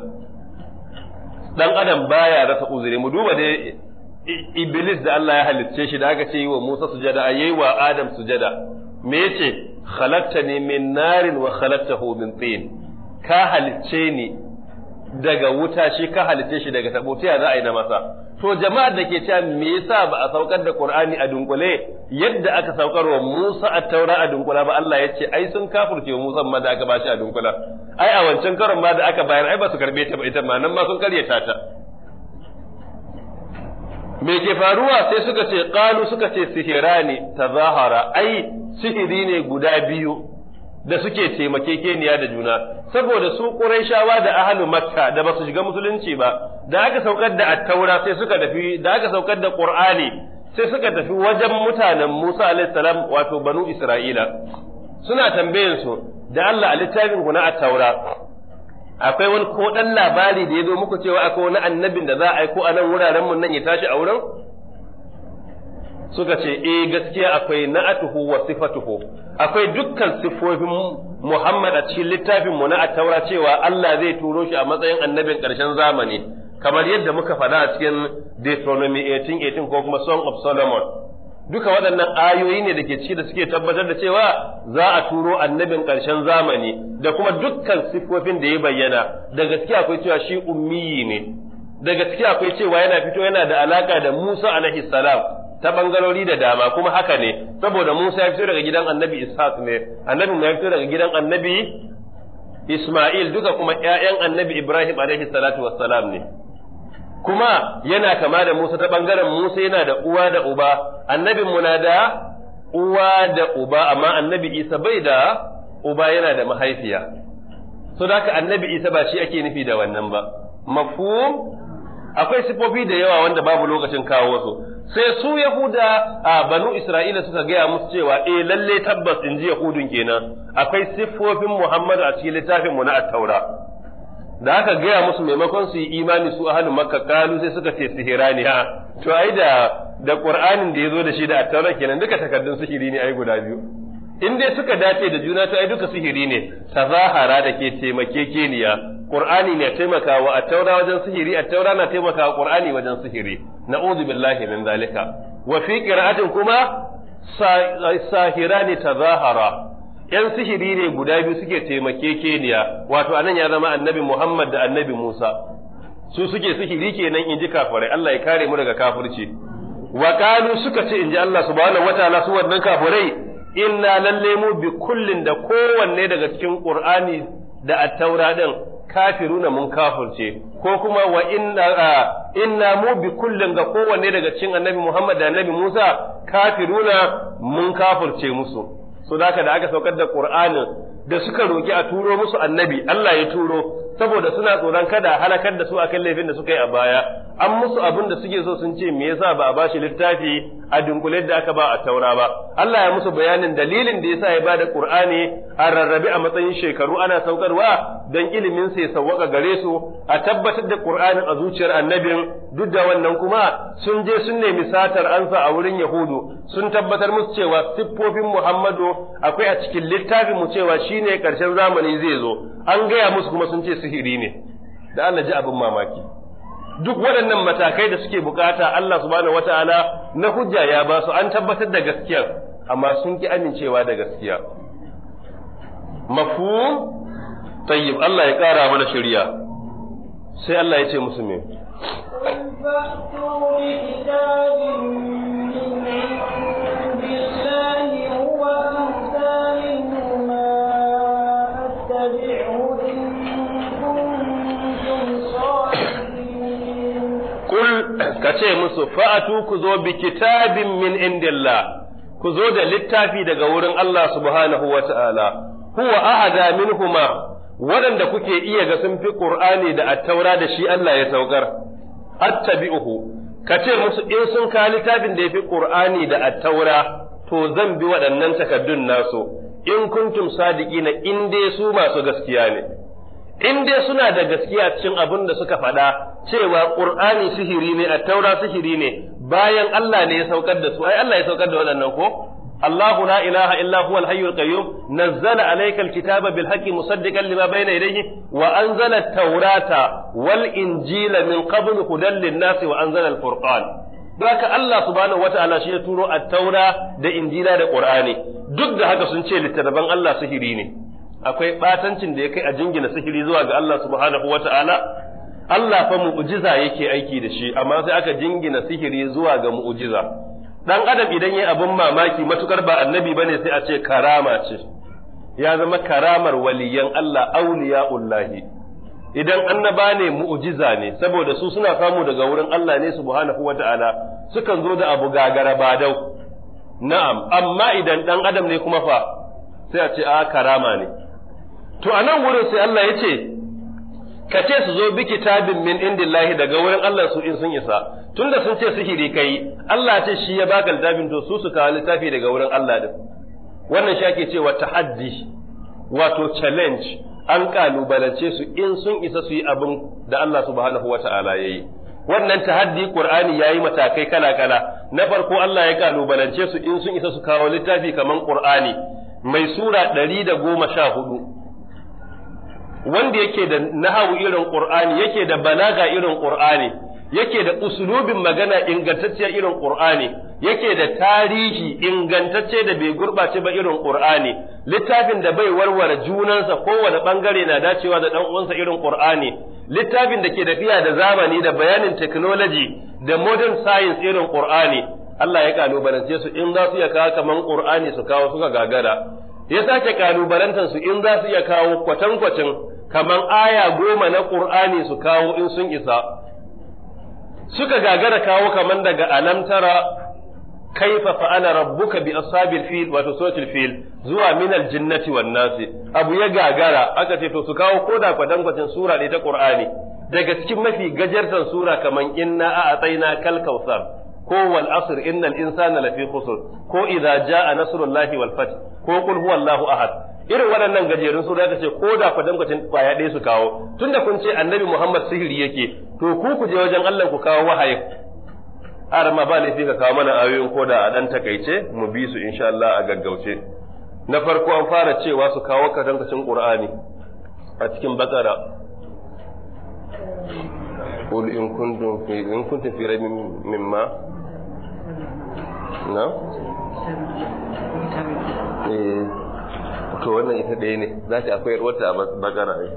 dan adam baya rasa uzuri mu duba dai iblis da Allah ya halicce shi da aka ce wa Musa sujada ayi wa Adam sujada me yace khalaqtani min narin wa khalaqtahu min tin ka halicce ni daga wuta shi ka halitta shi daga tabo ta za a yi na masa to jama'ar da ke cewa me yasa ba a saukar da Qur'ani a dunkule yadda aka saukar wa Musa a taura a dunkula ba Allah ya ce ai sun kafirce Musa ma da aka bashi a dunkula ai a wancan karon ma da aka bayar ai ba su karbe ta ba ita ma nan ma sun karyata ta me ke faruwa sai suka ce qalu suka ce sihirani tazahara ai sihiri ne guda biyu da suke keniya da juna saboda su Qurayshawa da ahalu Makka da ba su shiga musulunci ba da aka saukar da attaura sai suka tafi da aka saukar da Qur'ani sai suka tafi wajen mutanen Musa alayhi salam wato banu Isra'ila suna tambayan su da Allah a littafin ku na attaura akwai wani ko dan labari da ya zo muku cewa akwai wani annabin da za a aiko a nan wuraren mun nan ya tashi a wurin suka ce eh gaskiya akwai na'atuhu wa sifatuhu akwai dukkan sifofin Muhammad a cikin littafin mu na taura cewa Allah zai turo shi a matsayin annabin ƙarshen zamani kamar yadda muka faɗa a cikin Deuteronomy 18:18 ko kuma Song of Solomon duka waɗannan ayoyi ne da ke ciki da suke tabbatar da cewa za a turo annabin ƙarshen zamani da kuma dukkan sifofin da ya bayyana da gaskiya akwai cewa shi ummiyi ne da gaskiya akwai cewa yana fito yana da alaka da Musa alaihi salam ta bangarori da dama kuma haka ne saboda Musa ya fito daga gidan Annabi Ishaq ne Annabi ya fito daga gidan Annabi Isma'il duka kuma ƴaƴan Annabi Ibrahim alaihi salatu wassalam ne kuma yana kama da Musa ta bangaren Musa yana da uwa da uba annabin mu na da uwa da uba amma Annabi Isa bai da uba yana da mahaifiya so da haka Annabi Isa ba shi ake nufi da wannan ba mafhum akwai sifofi da yawa wanda babu lokacin kawo su sai su Yahuda a banu Isra'ila suka gaya musu cewa eh lalle tabbas in ji Yahudun kenan akwai siffofin Muhammadu a cikin littafin mu na Attaura da aka gaya musu maimakon su yi imani su halin Makka kalu sai suka ce sihirani ha to ai da da Qur'anin da yazo da shi da Attaura kenan duka takardun sihiri ne ai guda biyu in dai suka dace da juna to ai duka sihiri ne tazahara da ke taimakekeniya Qur'ani ne taimakawa a taura wajen sihiri Attaura taura na taimakawa Qur'ani wajen sihiri na'udhu billahi min zalika wa fi qira'atin kuma sahirani tazahara yan sihiri ne guda biyu suke taimake taimakekeniya wato anan ya zama annabi Muhammad da annabi Musa su suke sihiri kenan inji kafirai Allah ya kare mu daga kafirci wa qalu suka ce inji Allah subhanahu wataala su wannan kafirai inna lalle mu bi kullin da kowanne daga cikin Qur'ani da at-taura din kafiruna mun kafirce ko kuma wa inna inna mu bi ga kowanne daga cikin annabi Muhammad da annabi Musa kafiruna mun kafirce musu so da da aka saukar da Qur'anin da suka roki a turo musu annabi Allah ya turo saboda suna tsoron kada halakar da su akan laifin da suka yi a baya an musu abin da suke so sun ce me yasa ba a bashi littafi a dunkule da aka ba a taura ba Allah ya musu bayanin dalilin da yasa ya ba da Qur'ani a rarrabe a matsayin shekaru ana saukarwa dan ilimin sai sawaka gare su a tabbatar da Qur'anin a zuciyar annabin duk da wannan kuma sun je sun nemi satar ansa a wurin Yahudu sun tabbatar musu cewa siffofin Muhammadu akwai a cikin littafin mu cewa shine karshen zamani zai zo an gaya musu kuma sun ce sihiri ne da Allah ji abin mamaki duk waɗannan matakai da suke bukata Allah subhanahu wataala na hujja ya ba su an tabbatar da gaskiya amma sun ki amincewa da gaskiya Mafu, tayyib Allah ya kara mana shirya, sai Allah ya ce musu me Kul ka ce musu fa'atu ku zo bi kitabin min indillah ku zo da littafi daga wurin Allah subhanahu wa ta'ala, huwa ahada minhuma waɗanda kuke iya ga sun fi ƙur'ani da attaura da shi Allah ya saukar, attabi'uhu ka ce musu in sun ka littafin da ya fi ƙur'ani da attaura to zan bi waɗannan takaddun nasu. in kuntum sadiqina in dai su masu gaskiya ne Inde suna da gaskiya cikin abin da suka faɗa cewa qur'ani sihiri ne a taura sihiri ne bayan Allah ne ya saukar da su ai Allah ya saukar da waɗannan ko الله لا إله إلا هو الحي القيوم نزل عليك الكتاب بالحق مصدقا لما بين يديه وأنزل التوراة والإنجيل من قبل هدى للناس وأنزل الفرقان Zaka Allah subhanahu wata'ala shi ya turo at-taura da injila da qur'ani duk da haka sun ce littattafan Allah sihiri ne akwai batancin da ya kai a jingina sihiri zuwa ga Allah subhanahu wata'ala Allah fa mu'jiza yake aiki da shi amma sai aka jingina sihiri zuwa ga mu'jiza dan adam idan yayi abin mamaki matukar ba annabi bane sai a ce karama ce ya zama karamar waliyan Allah auliya ullahi idan annaba ne mu'jiza ne saboda su suna samu daga wurin Allah ne subhanahu wata'ala sukan zo da abu gagara badau na'am amma idan dan adam ne kuma fa sai a ce a karama ne to anan wurin sai Allah ya ce ka ce su zo bi kitabin min indillahi daga wurin Allah su in sun isa tunda sun ce sihiri kai Allah ce shi ya baka littafin to su su kawo littafi daga wurin Allah din wannan shi ake cewa tahaddi wato challenge an kalubalance su in sun isa su yi abin da Allah subhanahu wa ta'ala ya yi. Wannan tahaddi Qur'ani yayi matakai kala-kala, na farko Allah ya kalubalance su in sun isa su kawo littafi kamar Qur'ani mai Sura ɗari da goma sha hudu. Wanda yake da nahawu irin Qur'ani, yake da balaga irin Qur'ani, yake da usulubin magana ingantacce irin Qur'ani yake da tarihi ingantacce da bai gurbace ba irin Qur'ani littafin da bai warware junansa kowane bangare na dacewa da dan uwansa irin Qur'ani littafin da ke tafiya da zamani da bayanin technology da modern science irin Qur'ani Allah ya kalubalance su in za su iya kawo kaman Qur'ani su kawo suka gagara ya sake kalubalantar su in za su iya kawo kwatankwacin kamar aya goma na Qur'ani su kawo in sun isa suka gagara kawo kaman daga alam tara kaifa fa'ala rabbuka bi ashabil fil wato suratul fil zuwa min al jinnati wan nasi abu ya gagara aka ce to su kawo koda kwadan kwacin sura ne ta qur'ani daga cikin mafi gajartan sura kaman inna a ataina kal kausar, ko wal asr innal insana lafi khusr ko idza jaa nasrullahi wal fath ko qul huwallahu ahad irin waɗannan gajerun sura ta ce ko da ku ba ya ɗaya su kawo tunda kun ce annabi Muhammad sihiri yake to ku ku je wajen Allah ku kawo wahayi har ma ba laifi ka kawo mana ayoyin ko da a dan takaice mu bi su insha Allah a gaggauce na farko an fara cewa su kawo ka damkacin Qur'ani a cikin Bakara قل إن كنتم في إن كنتم في ريب مما نعم to wannan ita ɗaya ne za ta akwai yarwarta a bakara ne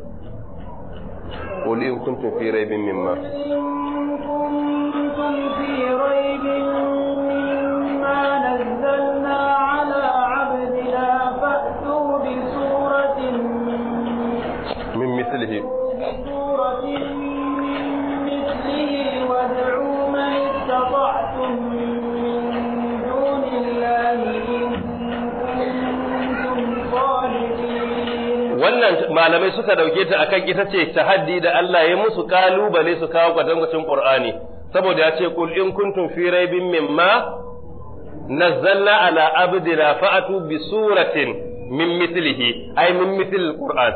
قل إن كنتم في ريب مما كنتم في ريب مما نزلنا على عبدنا فأتوا بسورة من مثله بسورة من مثله وادعوا من استطعتم من wannan malamai suka dauke ta akan ita ce tahaddi da Allah ya musu kalubale su kawo kwatankwacin Qur'ani saboda ya ce kul in kuntum fi raibin mimma nazzalna ala abdina fa'atu bi suratin min mithlihi ay min mithl Qur'an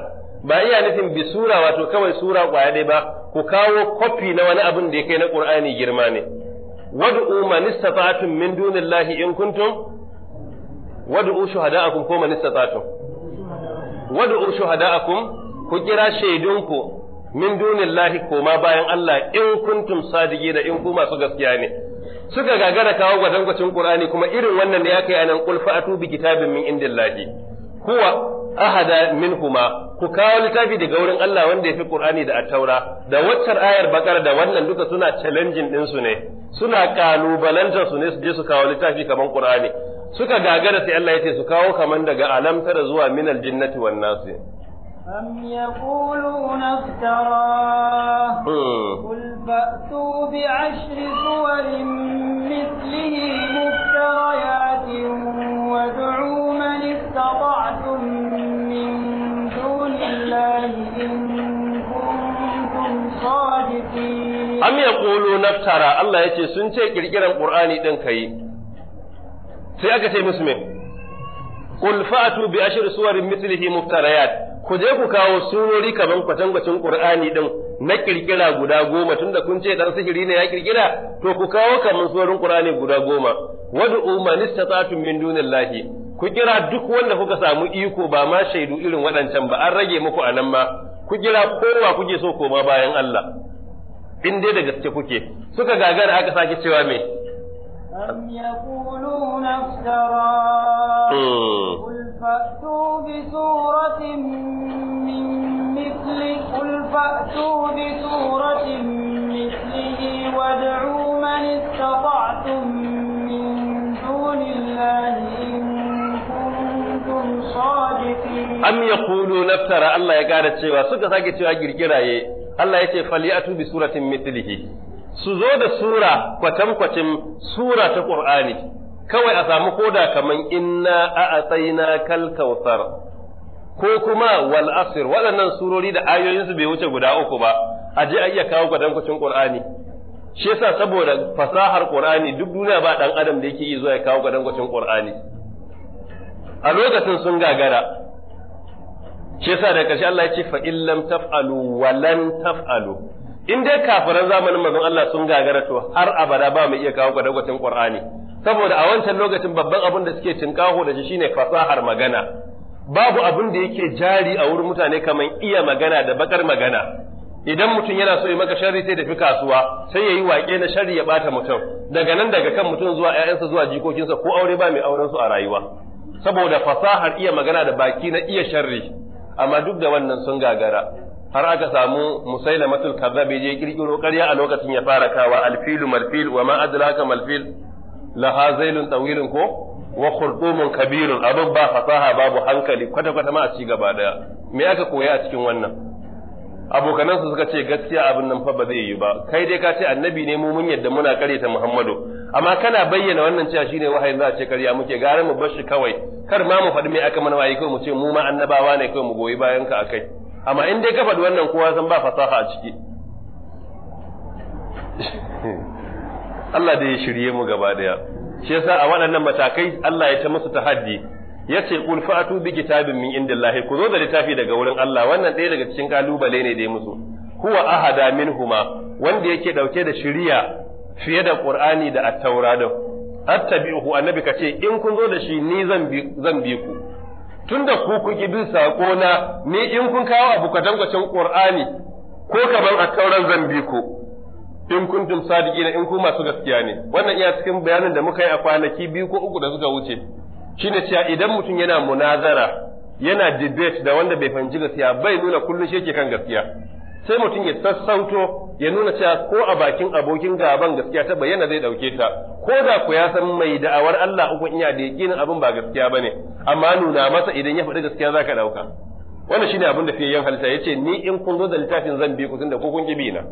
ba iya nufin bi sura wato kawai sura kwaya dai ba ku kawo kofi na wani abin da ya kai na Qur'ani girma ne wad'u man istata'tum min dunillahi in kuntum wad'u shuhada'akum ko man istata'tum wad'u hada'akum ku kira shaidunku min dunillahi koma bayan Allah in kuntum da in ku masu gaskiya ne suka gagara kawo gwadankwacin Kur'ani, kuma irin wannan da ya kai anan qul fa'atu bi kitabin min indillahi huwa ahada minhuma ku kawo littafi daga wurin Allah wanda ya fi Kur'ani da taura, da waccar ayar bakar da wannan duka suna challenging din ne suna kalubalantar su ne su je su kawo littafi kaman Qur'ani suka gagara sai Allah ya ce su kawo kaman daga alamtar zuwa minal jinnati wan nasi am yaquluna hmm. fa'tu suwarin mithlihi muftariyatin wa du'u man istata'tum min dunillahi in kuntum sadiqin am yaquluna Allah ya ce sun ce kirkiran qur'ani din kai sai aka ce musu me qul fa'tu bi ashri suwarin mithlihi muftariyat ku je ku kawo surori kaman kwatankwacin qur'ani din na kirkira guda goma tunda kun ce dan sihiri ne ya kirkira to ku kawo kaman surorin qur'ani guda goma wad'u man istata'tum min dunillahi ku kira duk wanda kuka samu iko ba ma shaidu irin waɗancan ba an rage muku a nan ma ku kira kowa kuke so koma bayan Allah in dai da gaske kuke suka gagara aka sake cewa me أم يقولون افتراه قل فأتوا بسورة من مثله قل فأتوا بسورة مثله وادعوا من استطعتم من دون الله إن كنتم صادقين أم يقولون افترى الله يقال تشيوا سكا ساكي تشيوا جرجرايه الله يتي فليأتوا بسورة مثله su zo da sura kwatankwacin sura ta Qur'ani kawai a samu koda kaman inna a'atayna kal kautsar ko kuma wal asr waɗannan surori da ayoyinsu bai wuce guda uku ba a je a iya kawo kwatankwacin Qur'ani shi yasa saboda fasahar ƙur'ani, duk duniya ba dan adam da yake yi zuwa ya kawo kwatankwacin Qur'ani a lokacin sun gagara shi yasa da ƙarshe Allah ya ce fa illam taf'alu walan taf'alu in dai kafiran zamanin manzon Allah sun gagara to har abada ba mu iya kawo gwadagwatin Qur'ani saboda a wancan lokacin babban abin da suke cinkaho da shi shine fasahar magana babu abin da yake jari a wurin mutane kamar iya magana da bakar magana idan mutum yana so ya maka sharri sai tafi kasuwa sai ya yi waƙe na sharri ya bata mutum daga nan daga kan mutum zuwa ƴaƴansa zuwa jikokinsa ko aure ba mai auren su a rayuwa saboda fasahar iya magana da baki na iya sharri amma duk da wannan sun gagara har aka samu musailamatul kazzabe je kirkiro ƙarya a lokacin ya fara kawa alfilu Marfil wa ma adraka Marfil? laha zailun tawilun ko wa khurdumun kabirun abin ba fasaha babu hankali kwata kwata ma a ci gaba daya me aka koya a cikin wannan abokan su suka ce gaskiya abin nan fa ba zai yi ba kai dai ka ce annabi ne mu mun yadda muna ta Muhammadu amma kana bayyana wannan cewa shine wahayin za a ce karya muke gara mu bashi shi kawai kar ma mu faɗi me aka mana wayi kawai mu ce mu ma annabawa ne kawai mu goyi bayan ka akai amma in dai ka faɗi wannan kowa san ba fasaha a ciki Allah da ya shirye mu gaba daya shi yasa a waɗannan matakai Allah ya ta musu tahaddi yace qul fa'atu bi kitabin min indillahi ku zo da littafi daga wurin Allah wannan ɗaya daga cikin kalubale ne da ya musu huwa ahada minhuma wanda yake dauke da shirya fiye da Qur'ani da At-Taura attabi'uhu annabi kace in kun zo da shi ni zan bi zan bi ku tunda ku kuki bin sako na ni in kun kawo abu ka dangwacin Qur'ani ko kaman a tauran zambi ko in kuntum sadiqina in ku masu gaskiya ne wannan iya cikin bayanin da muka yi a kwanaki biyu ko uku da suka wuce shine cewa idan mutum yana munazara yana debate da wanda bai fahimci gaskiya bai nuna kullum shi kan gaskiya sai mutum ya sassauto ya nuna cewa ko a bakin abokin gaban gaskiya ta bayyana zai dauke ta ko da ku ya san mai da'awar Allah uku ya da ni abin ba gaskiya bane amma nuna masa idan ya faɗi gaskiya zaka dauka wannan shine abin da fiye yan halitta yace ni in kun zo da littafin zan bi ku tunda ko kun ki na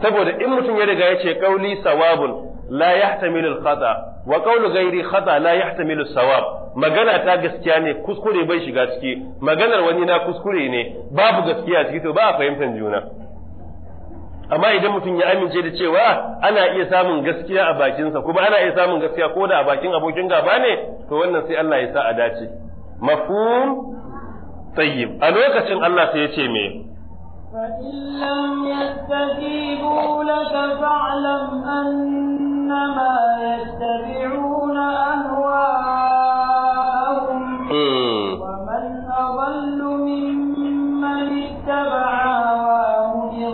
saboda in mutum ya riga ya ce kauli sawabun la yahtamilu al-khata wa qawlu ghairi khata la sawab magana ta gaskiya ne kuskure bai shiga ciki maganar wani na kuskure ne babu gaskiya ciki to ba a fahimtar juna amma idan mutum ya amince da cewa ana iya samun gaskiya a bakinsa kuma ana iya samun gaskiya ko da a bakin abokin gaba ne to wannan sai Allah ya sa a dace mafhum tayyib a lokacin Allah sai ya ce me فإن لم يستجيبوا لك فاعلم أن إنما يتبعون أهواءهم ومن أضل ممن اتبع هدى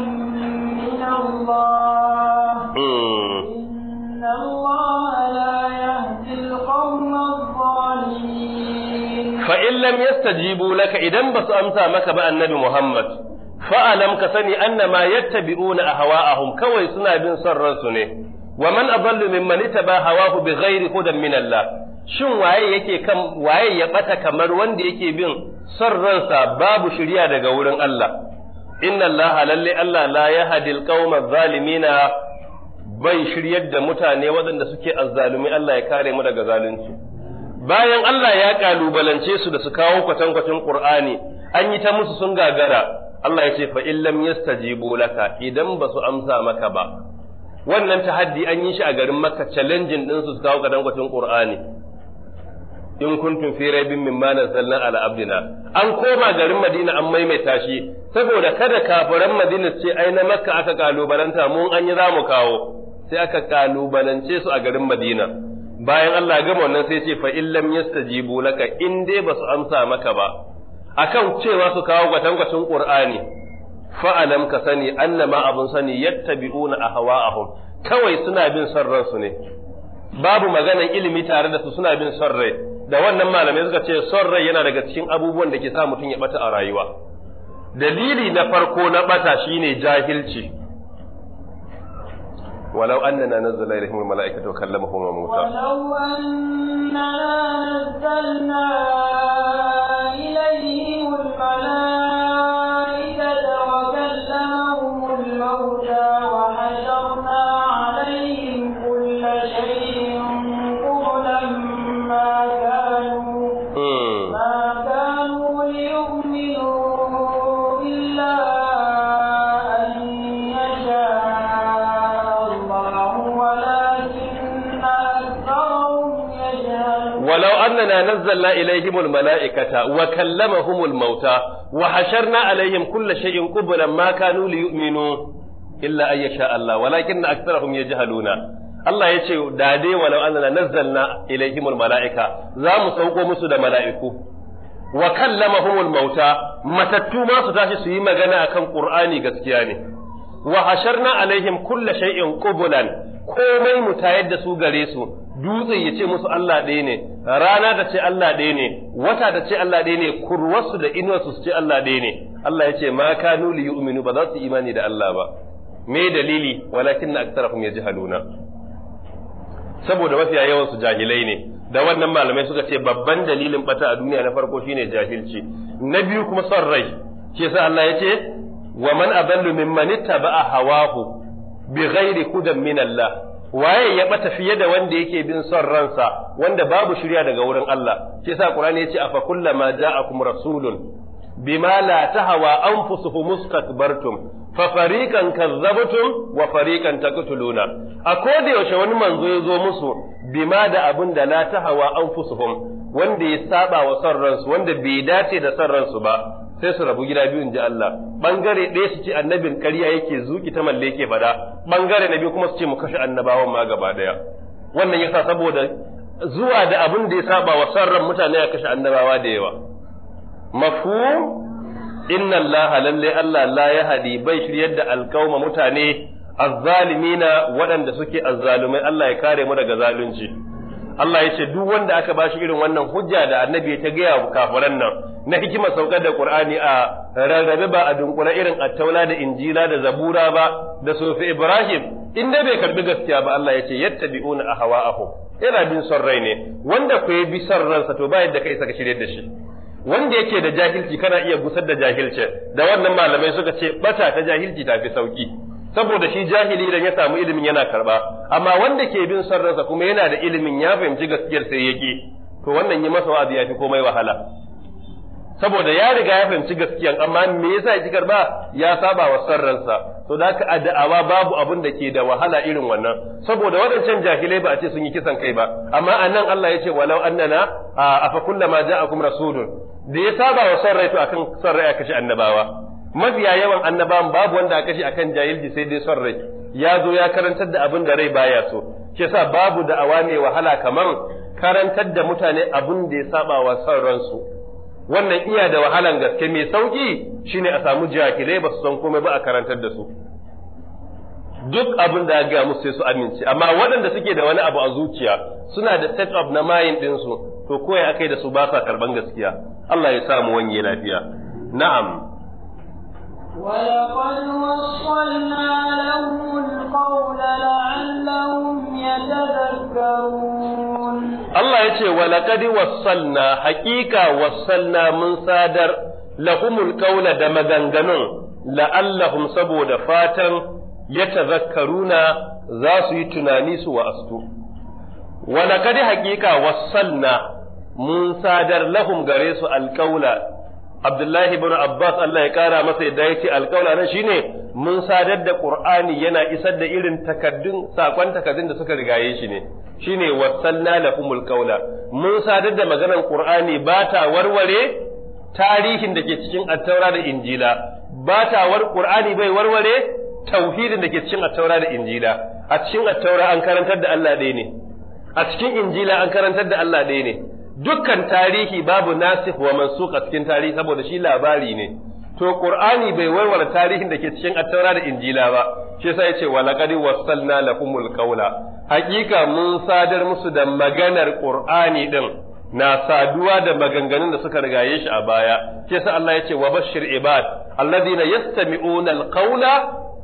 من الله إن الله لا يهدي القوم الظالمين فإن لم يستجيبوا لك إذا بس أمسى مك بقى النبي محمد fa'alam ka sani annama yattabi'una ahwa'ahum kawai suna bin son ransu ne wa man adallu mimman ittaba hawahu bighairi hudan min Allah shin waye yake kan waye ya bata kamar wanda yake bin son ransa babu shirya daga wurin Allah inna Allah lalle Allah la yahdi alqauma zalimina bai shiryar da mutane waɗanda suke azzalumi Allah ya kare mu daga zalunci bayan Allah ya kalubalance su da su kawo kwatankwacin Qur'ani an yi ta musu sun gagara Allah ya ce fa illam yastajibu laka idan ba su amsa maka ba wannan tahaddi an yi shi a garin Makka challenging din su kawo gadan Qur'ani in kuntum fi raibin ma nazzalna ala abdina an koma garin Madina an maimaita shi saboda kada kafiran Madina ce ai na Makka aka kalubalanta mun an yi zamu kawo sai aka kalubalance su a garin Madina bayan Allah gama wannan sai ce fa illam yastajibu laka in dai ba su amsa maka ba akan cewa su kawo kwatankwacin Qur'ani fa'alam ka sani annama abun sani yattabi'una ahwa'ahum kawai suna bin son ransu ne babu maganan ilimi tare da su suna bin son rai da wannan malamai suka ce son rai yana daga cikin abubuwan da ke sa mutum ya bata a rayuwa dalili na farko na bata shine jahilci ولو أننا نزلنا إليهم الملائكة وكلمهم موسى ولو أننا نزلنا arsalna ilaihimul mala'ikata wa kallamahumul mauta wa hasharna alaihim kulla shay'in qublan ma kanu liyu'minu illa ay yasha Allah walakinna aktsarahum yajhaluna Allah ya ce da dai walau annana nazzalna ilaihimul mala'ika za mu sauko musu da mala'iku wa kallamahumul mauta matattu ma su tashi su yi magana akan Qur'ani gaskiya ne wa hasharna alaihim kulla shay'in qublan komai mu tayar da su gare su dutse ya ce musu Allah ɗaya ne rana da ce Allah ɗaya ne wata da ce Allah ɗaya ne kurwarsu da inuwarsu su ce Allah ɗaya ne Allah ya ce ma nuli yi yu'minu ba za su imani da Allah ba me dalili walakin na ya ji haluna. saboda mafiya yawan su jahilai ne da wannan malamai suka ce babban dalilin bata a duniya na farko shi ne jahilci na biyu kuma son rai ke sa Allah ya ce wa man adallu mimman ittaba'a hawahu bighairi hudan min Allah waye ya bata fiye da wanda yake bin son ransa wanda babu shirya daga wurin Allah shi yasa Qur'ani ce afa kullama ja'akum rasulun bima la tahawa anfusuhum mustakbartum fa fariqan kazzabtum wa fariqan taqtuluna a koda yaushe wani manzo ya zo musu bima da abun da la tahawa anfusuhum wanda ya saba wa son ransu wanda bai dace da son ransu ba sai su rabu gida biyu in ji Allah bangare ɗaya su ce annabin ƙarya yake zuki ta malle yake faɗa. bangare na biyu kuma su ce mu kashe annabawan ma gaba ɗaya wannan yasa saboda zuwa da abin da ya saba wa sarran mutane ya kashe annabawa da yawa Mafu, inna Allah lalle Allah la yahdi bai shiryar da alkauma mutane azzalimina waɗanda suke azzalumai Allah ya kare mu daga zalunci Allah ya ce duk wanda aka ba shi irin wannan hujja da annabi ta gaya wa kafiran nan na hikimar saukar da Qur'ani a rarrabe ba a dunkura irin attaula da injila da zabura ba da sufi Ibrahim in dai bai karbi gaskiya ba Allah ya yace yattabi'una ahwa'ahum yana bin son rai ne wanda ku bi son ransa to ba yadda kai saka shirye da shi wanda yake da jahilci kana iya gusar da jahilci da wannan malamai suka ce bata ta jahilci ta fi sauki saboda shi jahili idan ya samu ilimin yana karba amma wanda ke bin son ransa kuma yana da ilimin ya fahimci gaskiyar sai yake to wannan yi masa wa'azi ya fi komai wahala saboda ya riga ya fahimci gaskiya amma me yasa ya ci karba ya saba wa sarransa to da ka a da'awa babu abin da ke da wahala irin wannan saboda wadancan jahilai ba a ce sun yi kisan kai ba amma anan Allah ya ce walau annana afa kullama ja'akum rasulun da ya saba wa sarrai to akan sarrai aka kashe annabawa mafiya yawan annabawan babu wanda aka kashe akan jahilji sai dai sarrai ya zo ya karantar da abin da rai baya so ke sa babu da'awa mai wahala kamar karantar da mutane abin da ya saba wa sarransu wannan iya da wahalan gaske mai sauƙi shine a samu jahilai ba su san komai ba a karantar da su duk abin da ga musu sai su amince amma waɗanda suke da wani abu a zuciya suna da set up na mayin ɗinsu, su to koya akai da su ba sa karban gaskiya Allah ya sa mu wanye lafiya na'am Allah ya ce, Walakadi wassalna haƙiƙa wassalna mun sadar lahumul kaula da maganganun la’allahum saboda fatan ya tazakkaruna za su yi tunani su wa’astu. Walakadi haƙiƙa wassalna mun sadar lahum gare su alƙaula Abdullahi ibn Abbas Allah ya kara masa yadda yake alƙawla nan shine mun sadar da Qur'ani yana isar da irin takaddun sakon takaddun da suka rigaye shi ne shine wasanna lakumul qawla mun sadar da maganar Qur'ani ba ta warware tarihin da ke cikin Attaura da Injila ba ta war Qur'ani bai warware tauhidin da ke cikin Attaura da Injila a cikin Attaura an karantar da Allah ɗaya ne a cikin Injila an karantar da Allah ɗaya ne dukkan tarihi babu nasikh wa mansukh a cikin tarihi saboda shi labari ne to qur'ani bai warware tarihin da ke cikin attaura da injila ba shi yasa yace wa laqad wassalna lakumul qawla hakika mun sadar musu da maganar qur'ani din na saduwa da maganganun da suka rigaye shi a baya shi yasa Allah yace wa bashir ibad alladhina yastami'una alqawla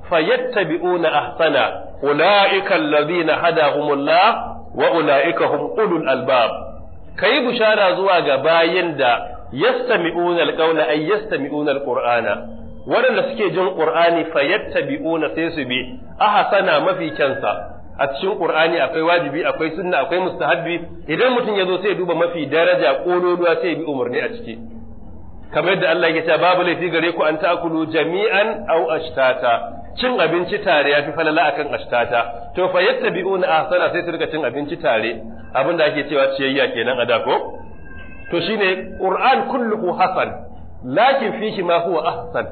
fayattabi'una ahsana ulaika alladhina hadahumullah wa ulaika hum ulul albab kai bushara zuwa ga bayan da yastami'una alqawla ay yastami'una alqur'ana waɗanda suke jin qur'ani bi'una sai su bi hasana mafi kyansa a cikin qur'ani akwai wajibi akwai sunna akwai mustahabbi idan mutum ya zo sai duba mafi daraja kololuwa sai bi umarni a ciki kamar yadda Allah ya ce babu laifi gare ku an ta'kulu jami'an aw ashtata cin abinci tare yafi falala akan ashtata to fa yattabi'una ahsana sai su rika cin abinci tare abin da ake cewa ciyayya kenan a da ko to shine qur'an kulluhu hasan lakin fihi ma huwa ahsan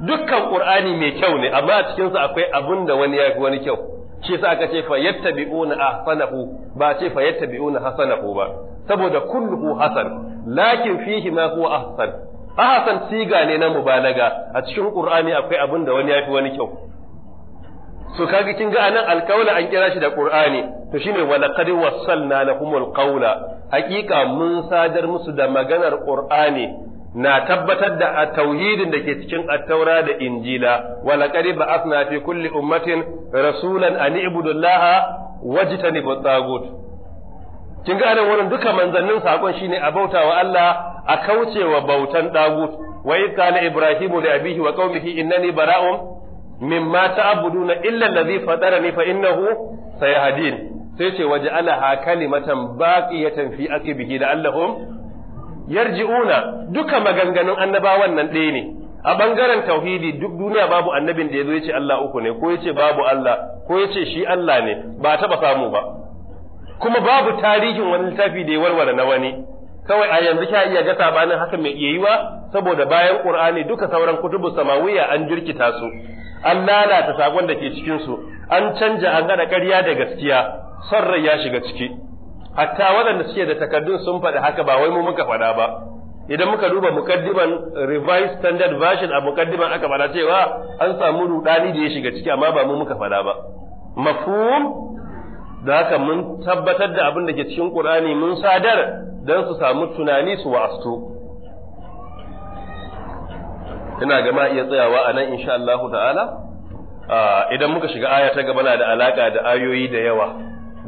dukkan qur'ani mai kyau ne amma a cikin sa akwai abin da wani yafi wani kyau shi yasa aka ce fa yattabi'una ahsanahu ba ce fa yattabi'una hasanahu ba saboda kulluhu hasan lakin fihi ma huwa ahsan ahsan siga ne na mubalaga a cikin qur'ani akwai abin da wani yafi wani kyau so kaga kin ga anan alqaula an kira shi da qur'ani to shine wa laqad wassalna lahumul qawla haqiqa mun sadar musu da maganar qur'ani na tabbatar da a tauhidin da ke cikin attaura da injila wa laqad ba'athna fi kulli ummatin rasulan an ibudullaha wajtanibu tagut kin ga anan wannan duka manzannin sakon shine a bautawa Allah a kaucewa bautan dagut wa idh ibrahimu li abihi wa qaumihi innani bara'un mimma ta'buduna illa allazi fatarani fa innahu sayahdin sai ce ha kalimatan baqiyatan fi aqibihi Allahum? yarji'una duka maganganun annabawan nan ɗaya ne a bangaren tauhidi duk duniya babu annabin da yazo yace Allah uku ne ko yace babu Allah ko yace shi Allah ne ba taba samu ba kuma babu tarihin wani littafi da ya warware na wani kawai a yanzu ka iya ga sabanin haka mai iya yiwa saboda bayan Qur'ani duka sauran kutubu samawiya an jirkita su an lalata sakon da ke cikin su an canja an gada ƙarya da gaskiya son rai ya shiga ciki hatta waɗanda suke da takardun sun faɗi haka ba wai mu muka faɗa ba idan muka duba mukaddiman revised standard version a mukaddiman aka faɗa cewa an samu rudani da ya shiga ciki amma ba mu muka faɗa ba mafhum da haka mun tabbatar da abin da ke cikin Qur'ani mun sadar dan su samu tunani su wa'astu ina gama ma iya tsayawa a nan insha ta'ala idan muka shiga aya ta gaba na da alaka da ayoyi da yawa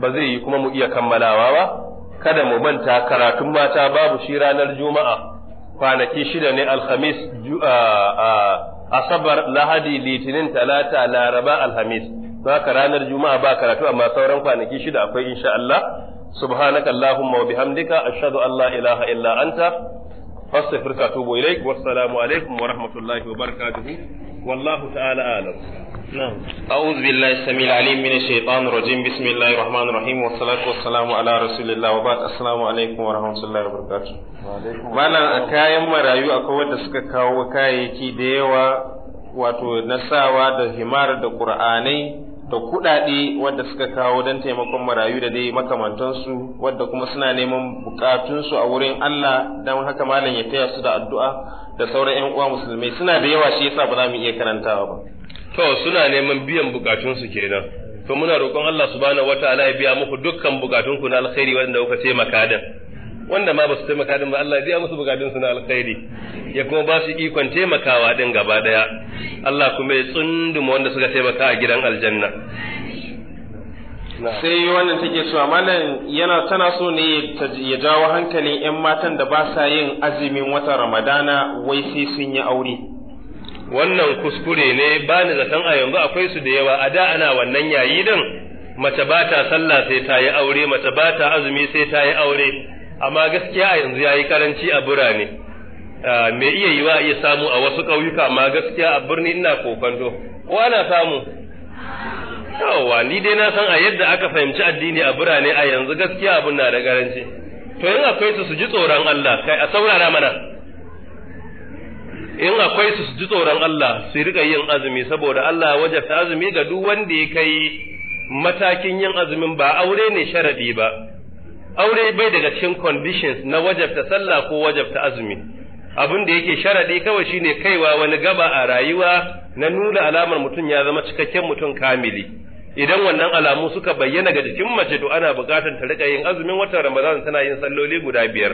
ba zai yi kuma mu iya kammalawa ba kada mu manta karatun mata babu shi ranar juma'a kwanaki shida ne alhamis asabar lahadi litinin talata laraba alhamis haka ranar juma'a ba karatu amma sauran kwanaki shida akwai insha Allah subhanakallahumma wa bihamdika ashhadu an la ilaha illa anta fastaghfiruka wa atubu alaikum wa rahmatullahi wa barakatuh wallahu ta'ala نعم أعوذ بالله السميع العليم من الشيطان الرجيم بسم الله الرحمن الرحيم والصلاة والسلام على رسول الله وبعد السلام عليكم ورحمة الله وبركاته malam a kayan marayu akwai wanda suka kawo kayayyaki da yawa wato nasawa da himar da qur'anai da kuɗaɗe wadda suka kawo don taimakon marayu da dai makamantansu wadda kuma suna neman bukatunsu a wurin Allah don haka malam ya taya su da addu'a da sauran 'yan uwa musulmai suna da yawa shi yasa ba za mu iya karantawa ba. To suna neman biyan bukatunsu kenan. To muna roƙon Allah subhanahu wataala ya biya muku dukkan bukatunku na alkhairi wanda kuka taimaka da. wanda ma ba su taimaka din ba Allah ya biya musu bugadin su na alkhairi ya kuma ba su ikon taimakawa din gaba daya Allah kuma ya tsunduma wanda suka taimaka a gidan aljanna sai wannan take cewa malam yana tana so ne ya jawo hankalin 'yan matan da ba sa yin azumin wata ramadana wai sai sun yi aure wannan kuskure ne ba ni zaton a yanzu akwai su da yawa a da ana wannan yayi din mace ba sallah sai ta yi aure mace bata azumi sai ta yi aure amma gaskiya a yanzu yayi karanci a birane me iya yi wa iya samu a wasu ƙauyuka amma gaskiya a birni ina kokanto ko ana samu yawa ni dai na san a yadda aka fahimci addini a birane a yanzu gaskiya abin na da karanci to in akwai su su ji tsoron Allah kai a saurara mana in akwai su su ji tsoron Allah su rika yin azumi saboda Allah wajabta azumi ga duk wanda ya kai matakin yin azumin ba aure ne sharadi ba aure bai daga cikin conditions na wajabta sallah ko wajabta azumi abin da yake sharadi kawai shine kaiwa wani gaba a rayuwa na nuna alamar mutum ya zama cikakken mutum kamili idan wannan alamu suka bayyana ga jikin mace to ana buƙatar ta rika yin azumin watan Ramadan tana yin salloli guda biyar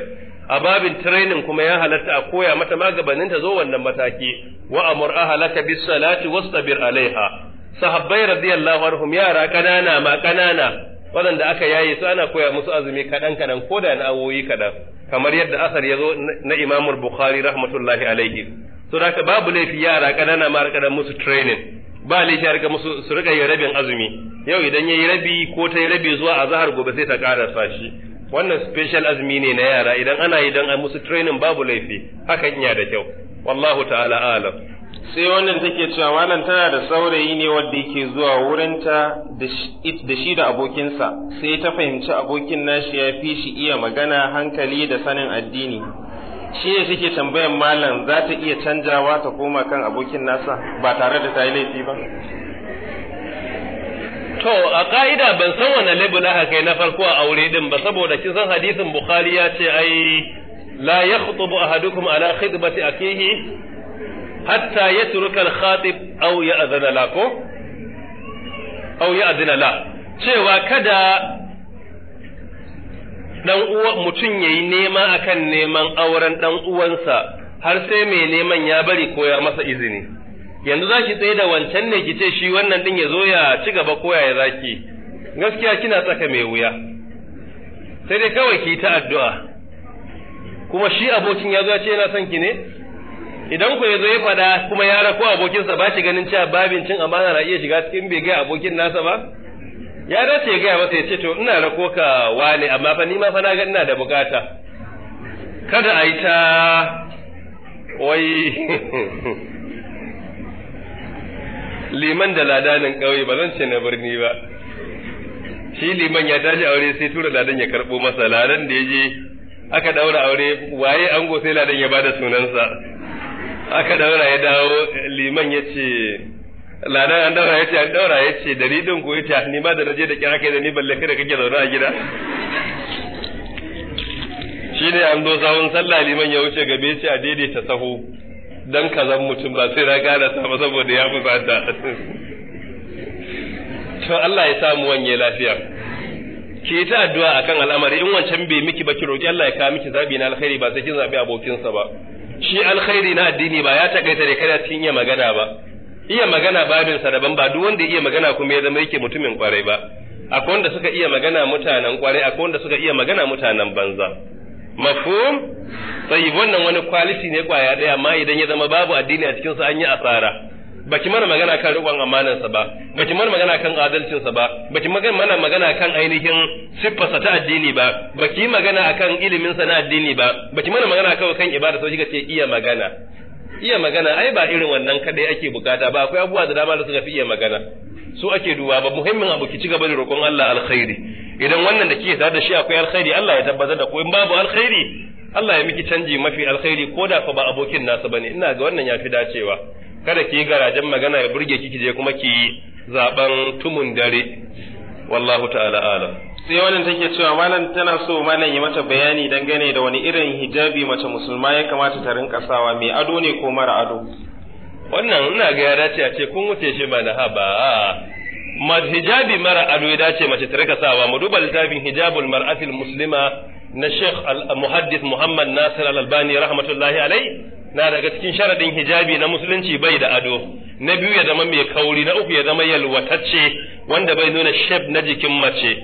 a babin training kuma ya halatta a koya mata magabanin ta zo wannan mataki wa amur ahlaka bis salati wastabir alaiha sahabbai radiyallahu anhum yara ƙanana ma ƙanana. waɗanda aka yaye su ana koya musu azumi kaɗan kaɗan ko da na kaɗan kamar yadda asar ya zo na imamul bukhari rahmatullahi alaihi so haka babu laifi yara ƙanana ma rika musu training ba laifi a rika musu su rika yi rabin azumi yau idan yayi rabi ko ta yi rabi zuwa azhar gobe sai ta ƙara shi wannan special azumi ne na yara idan ana yi don a musu training babu laifi hakan iya da kyau wallahu ta'ala alam sai wannan take cewa malam tana da saurayi ne wanda yake zuwa wurinta da shi da abokinsa sai ta fahimci abokin nashi ya fi shi iya magana hankali da sanin addini shi ne suke tambayan malam za ta iya canjawa ta koma kan abokin nasa ba tare da ta laifi ba To a ka'ida ban san wani lebu na kai na farko a aure din ba saboda kin san hadisin Bukhari ya ce ai la yakhutubu ahadukum ala khidmati akihi hatta ya الخاطب al-khatib ya azana la cewa kada dan uwa mutum yayi nema akan neman auren dan uwansa har sai mai neman ya bari koyar masa izini yanzu zaki tsaye da wancan ne ki ce shi wannan din ya zo ya ci gaba koya ya zaki gaskiya kina tsaka mai wuya sai dai kawai ki ta addu'a kuma shi abokin ya zo ya ce yana son ki ne idan ku yazo ya fada kuma ya rako abokinsa ba shi ganin cewa babin cin amana na iya shiga cikin bai ga abokin nasa ba ya dace ya gaya masa ya ce to ina rako ka wane amma fa ni ma fa na ga ina da bukata kada a yi ta wai liman da ladanin ƙauye ba zan ce na birni ba shi liman ya tashi aure sai tura ladan ya karɓo masa ladan da ya je aka ɗaura aure waye ango sai ladan ya bada sunansa aka daura ya dawo liman ya ce ladan an daura ya ce an daura ya ce dari din ko ya ce ah, ni ma da naje da kira kai da ni balle kada da kake zaune a gida shine an zo sahun sallah liman ya wuce gabe ce a daidaita sahu dan kazan mutum ba sai na gane sa ba saboda ya fi fata to Allah ya samu wanye lafiya ki ta addu'a akan al'amari in wancan bai miki ba ki roki Allah ya kawo miki zabi na alkhairi ba sai kin zabi abokinsa ba shi alkhairi na addini ba ya takaita da kada cikin iya magana ba iya magana babinsa daban ba duk wanda iya magana kuma ya zama yake mutumin kwarai ba akwai wanda suka iya magana mutanen kwarai akwai wanda suka iya magana mutanen banza mafhum sai wannan wani quality ne kwaya daya amma idan ya zama babu addini a cikin su an yi asara baki mana magana kan riƙon sa ba baki mana magana kan adalcinsa ba baki mana magana kan ainihin siffarsa ta addini ba baki magana akan iliminsa na addini ba baki mana magana kawai kan ibada sau ce iya magana iya magana ai ba irin wannan kadai ake bukata ba akwai abubuwa da dama da suka fi iya magana su ake duba ba muhimmin abu ki ci gaba da roƙon Allah alkhairi idan wannan da kike tare da shi akwai alkhairi Allah ya tabbatar da ko in babu alkhairi Allah ya miki canji mafi alkhairi ko da fa ba abokin nasa bane ina ga wannan ya fi dacewa kada ki yi garajen magana ya burge ki je kuma ki zaben tumun dare wallahu ta'ala alam sai wannan take cewa malam tana so malam yi mata bayani dangane da wani irin hijabi mace musulma ya kamata ta rinka sawa mai ado ne ko mara ado wannan ina ga ya dace a ce kun wuce shi ba na haba hijabi mara ado ya dace mace ta rika sawa mu duba littafin hijabul mar'atil muslima na Sheikh al Muhammad Nasir al-Albani rahmatullahi alai na daga cikin sharadin hijabi na musulunci bai da ado na biyu ya zama mai kauri na uku ya zama yalwatacce wanda bai nuna shef na jikin mace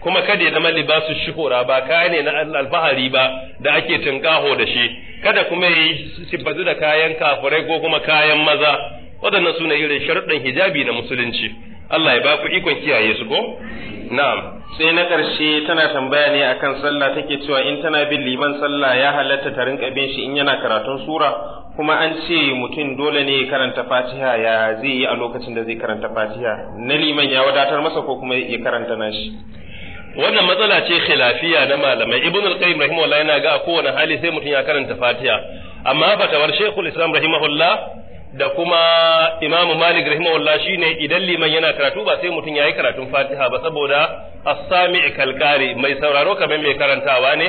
kuma kada ya zama libasu shuhura ba kaya ne na alfahari ba da ake tunkaho da shi kada kuma ya yi da kayan kafurai ko kuma kayan maza waɗannan su ne irin sharuɗin hijabi na musulunci Allah ya ba ku ikon kiyaye su ko na'am sai na ƙarshe tana tambaya ne akan sallah take cewa in tana bin liman sallah ya halatta ta rinka bin shi in yana karatun sura kuma an ce mutum dole ne ya karanta fatiha ya zai yi a lokacin da zai karanta fatiha na liman ya wadatar masa ko kuma ya karanta nashi wannan matsala ce khilafiya na malamai ibnu al-qayyim rahimahullah yana ga kowane hali sai mutum ya karanta fatiha amma fatawar shaykhul islam rahimahullah da kuma Imam Malik rahimahullah shine idan liman yana karatu ba sai mutum yayi karatun Fatiha ba saboda as-sami' kalqari mai sauraro kamar mai karantawa ne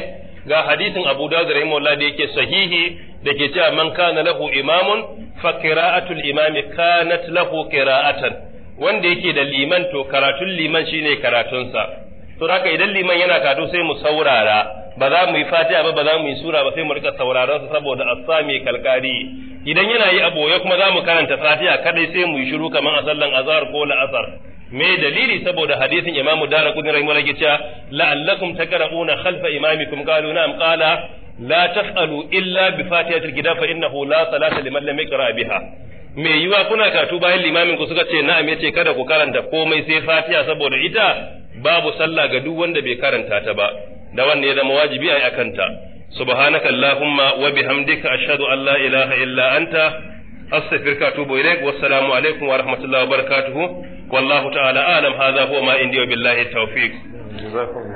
ga hadisin Abu Dawud rahimahullah da yake sahihi da ke cewa man kana lahu imamun fa qira'atul imami kanat lahu qira'atan wanda yake da liman to karatun liman shine karatunsa to haka idan liman yana karatu sai mu saurara ba za mu yi Fatiha ba ba za mu yi sura ba sai mu rika sauraron sa saboda as-sami kalqari idan yana yi a boye kuma za mu karanta safiya kadai sai mu yi shiru kamar a sallan azhar ko la'asar me dalili saboda hadisin Imam dara kudin rahimahullah ke cewa la'allakum takra'una khalfa imamikum qalu na'am qala la tas'alu illa bi fatihatil kitab fa innahu la salata liman lam yaqra biha me yiwa kuna karatu bayan limamin ku suka ce na'am yace kada ku karanta komai sai fatiha saboda ita babu sallah ga duk wanda bai karanta ta ba da wanda ya zama wajibi a yi akanta subhanaka allahumma wa bihamdika ashhadu an la ilaha illa anta astaghfiruka wa atubu ilaik wa alaikum wa rahmatullahi wa barakatuh wallahu ta'ala alam haza huwa ma indiya billahi tawfiq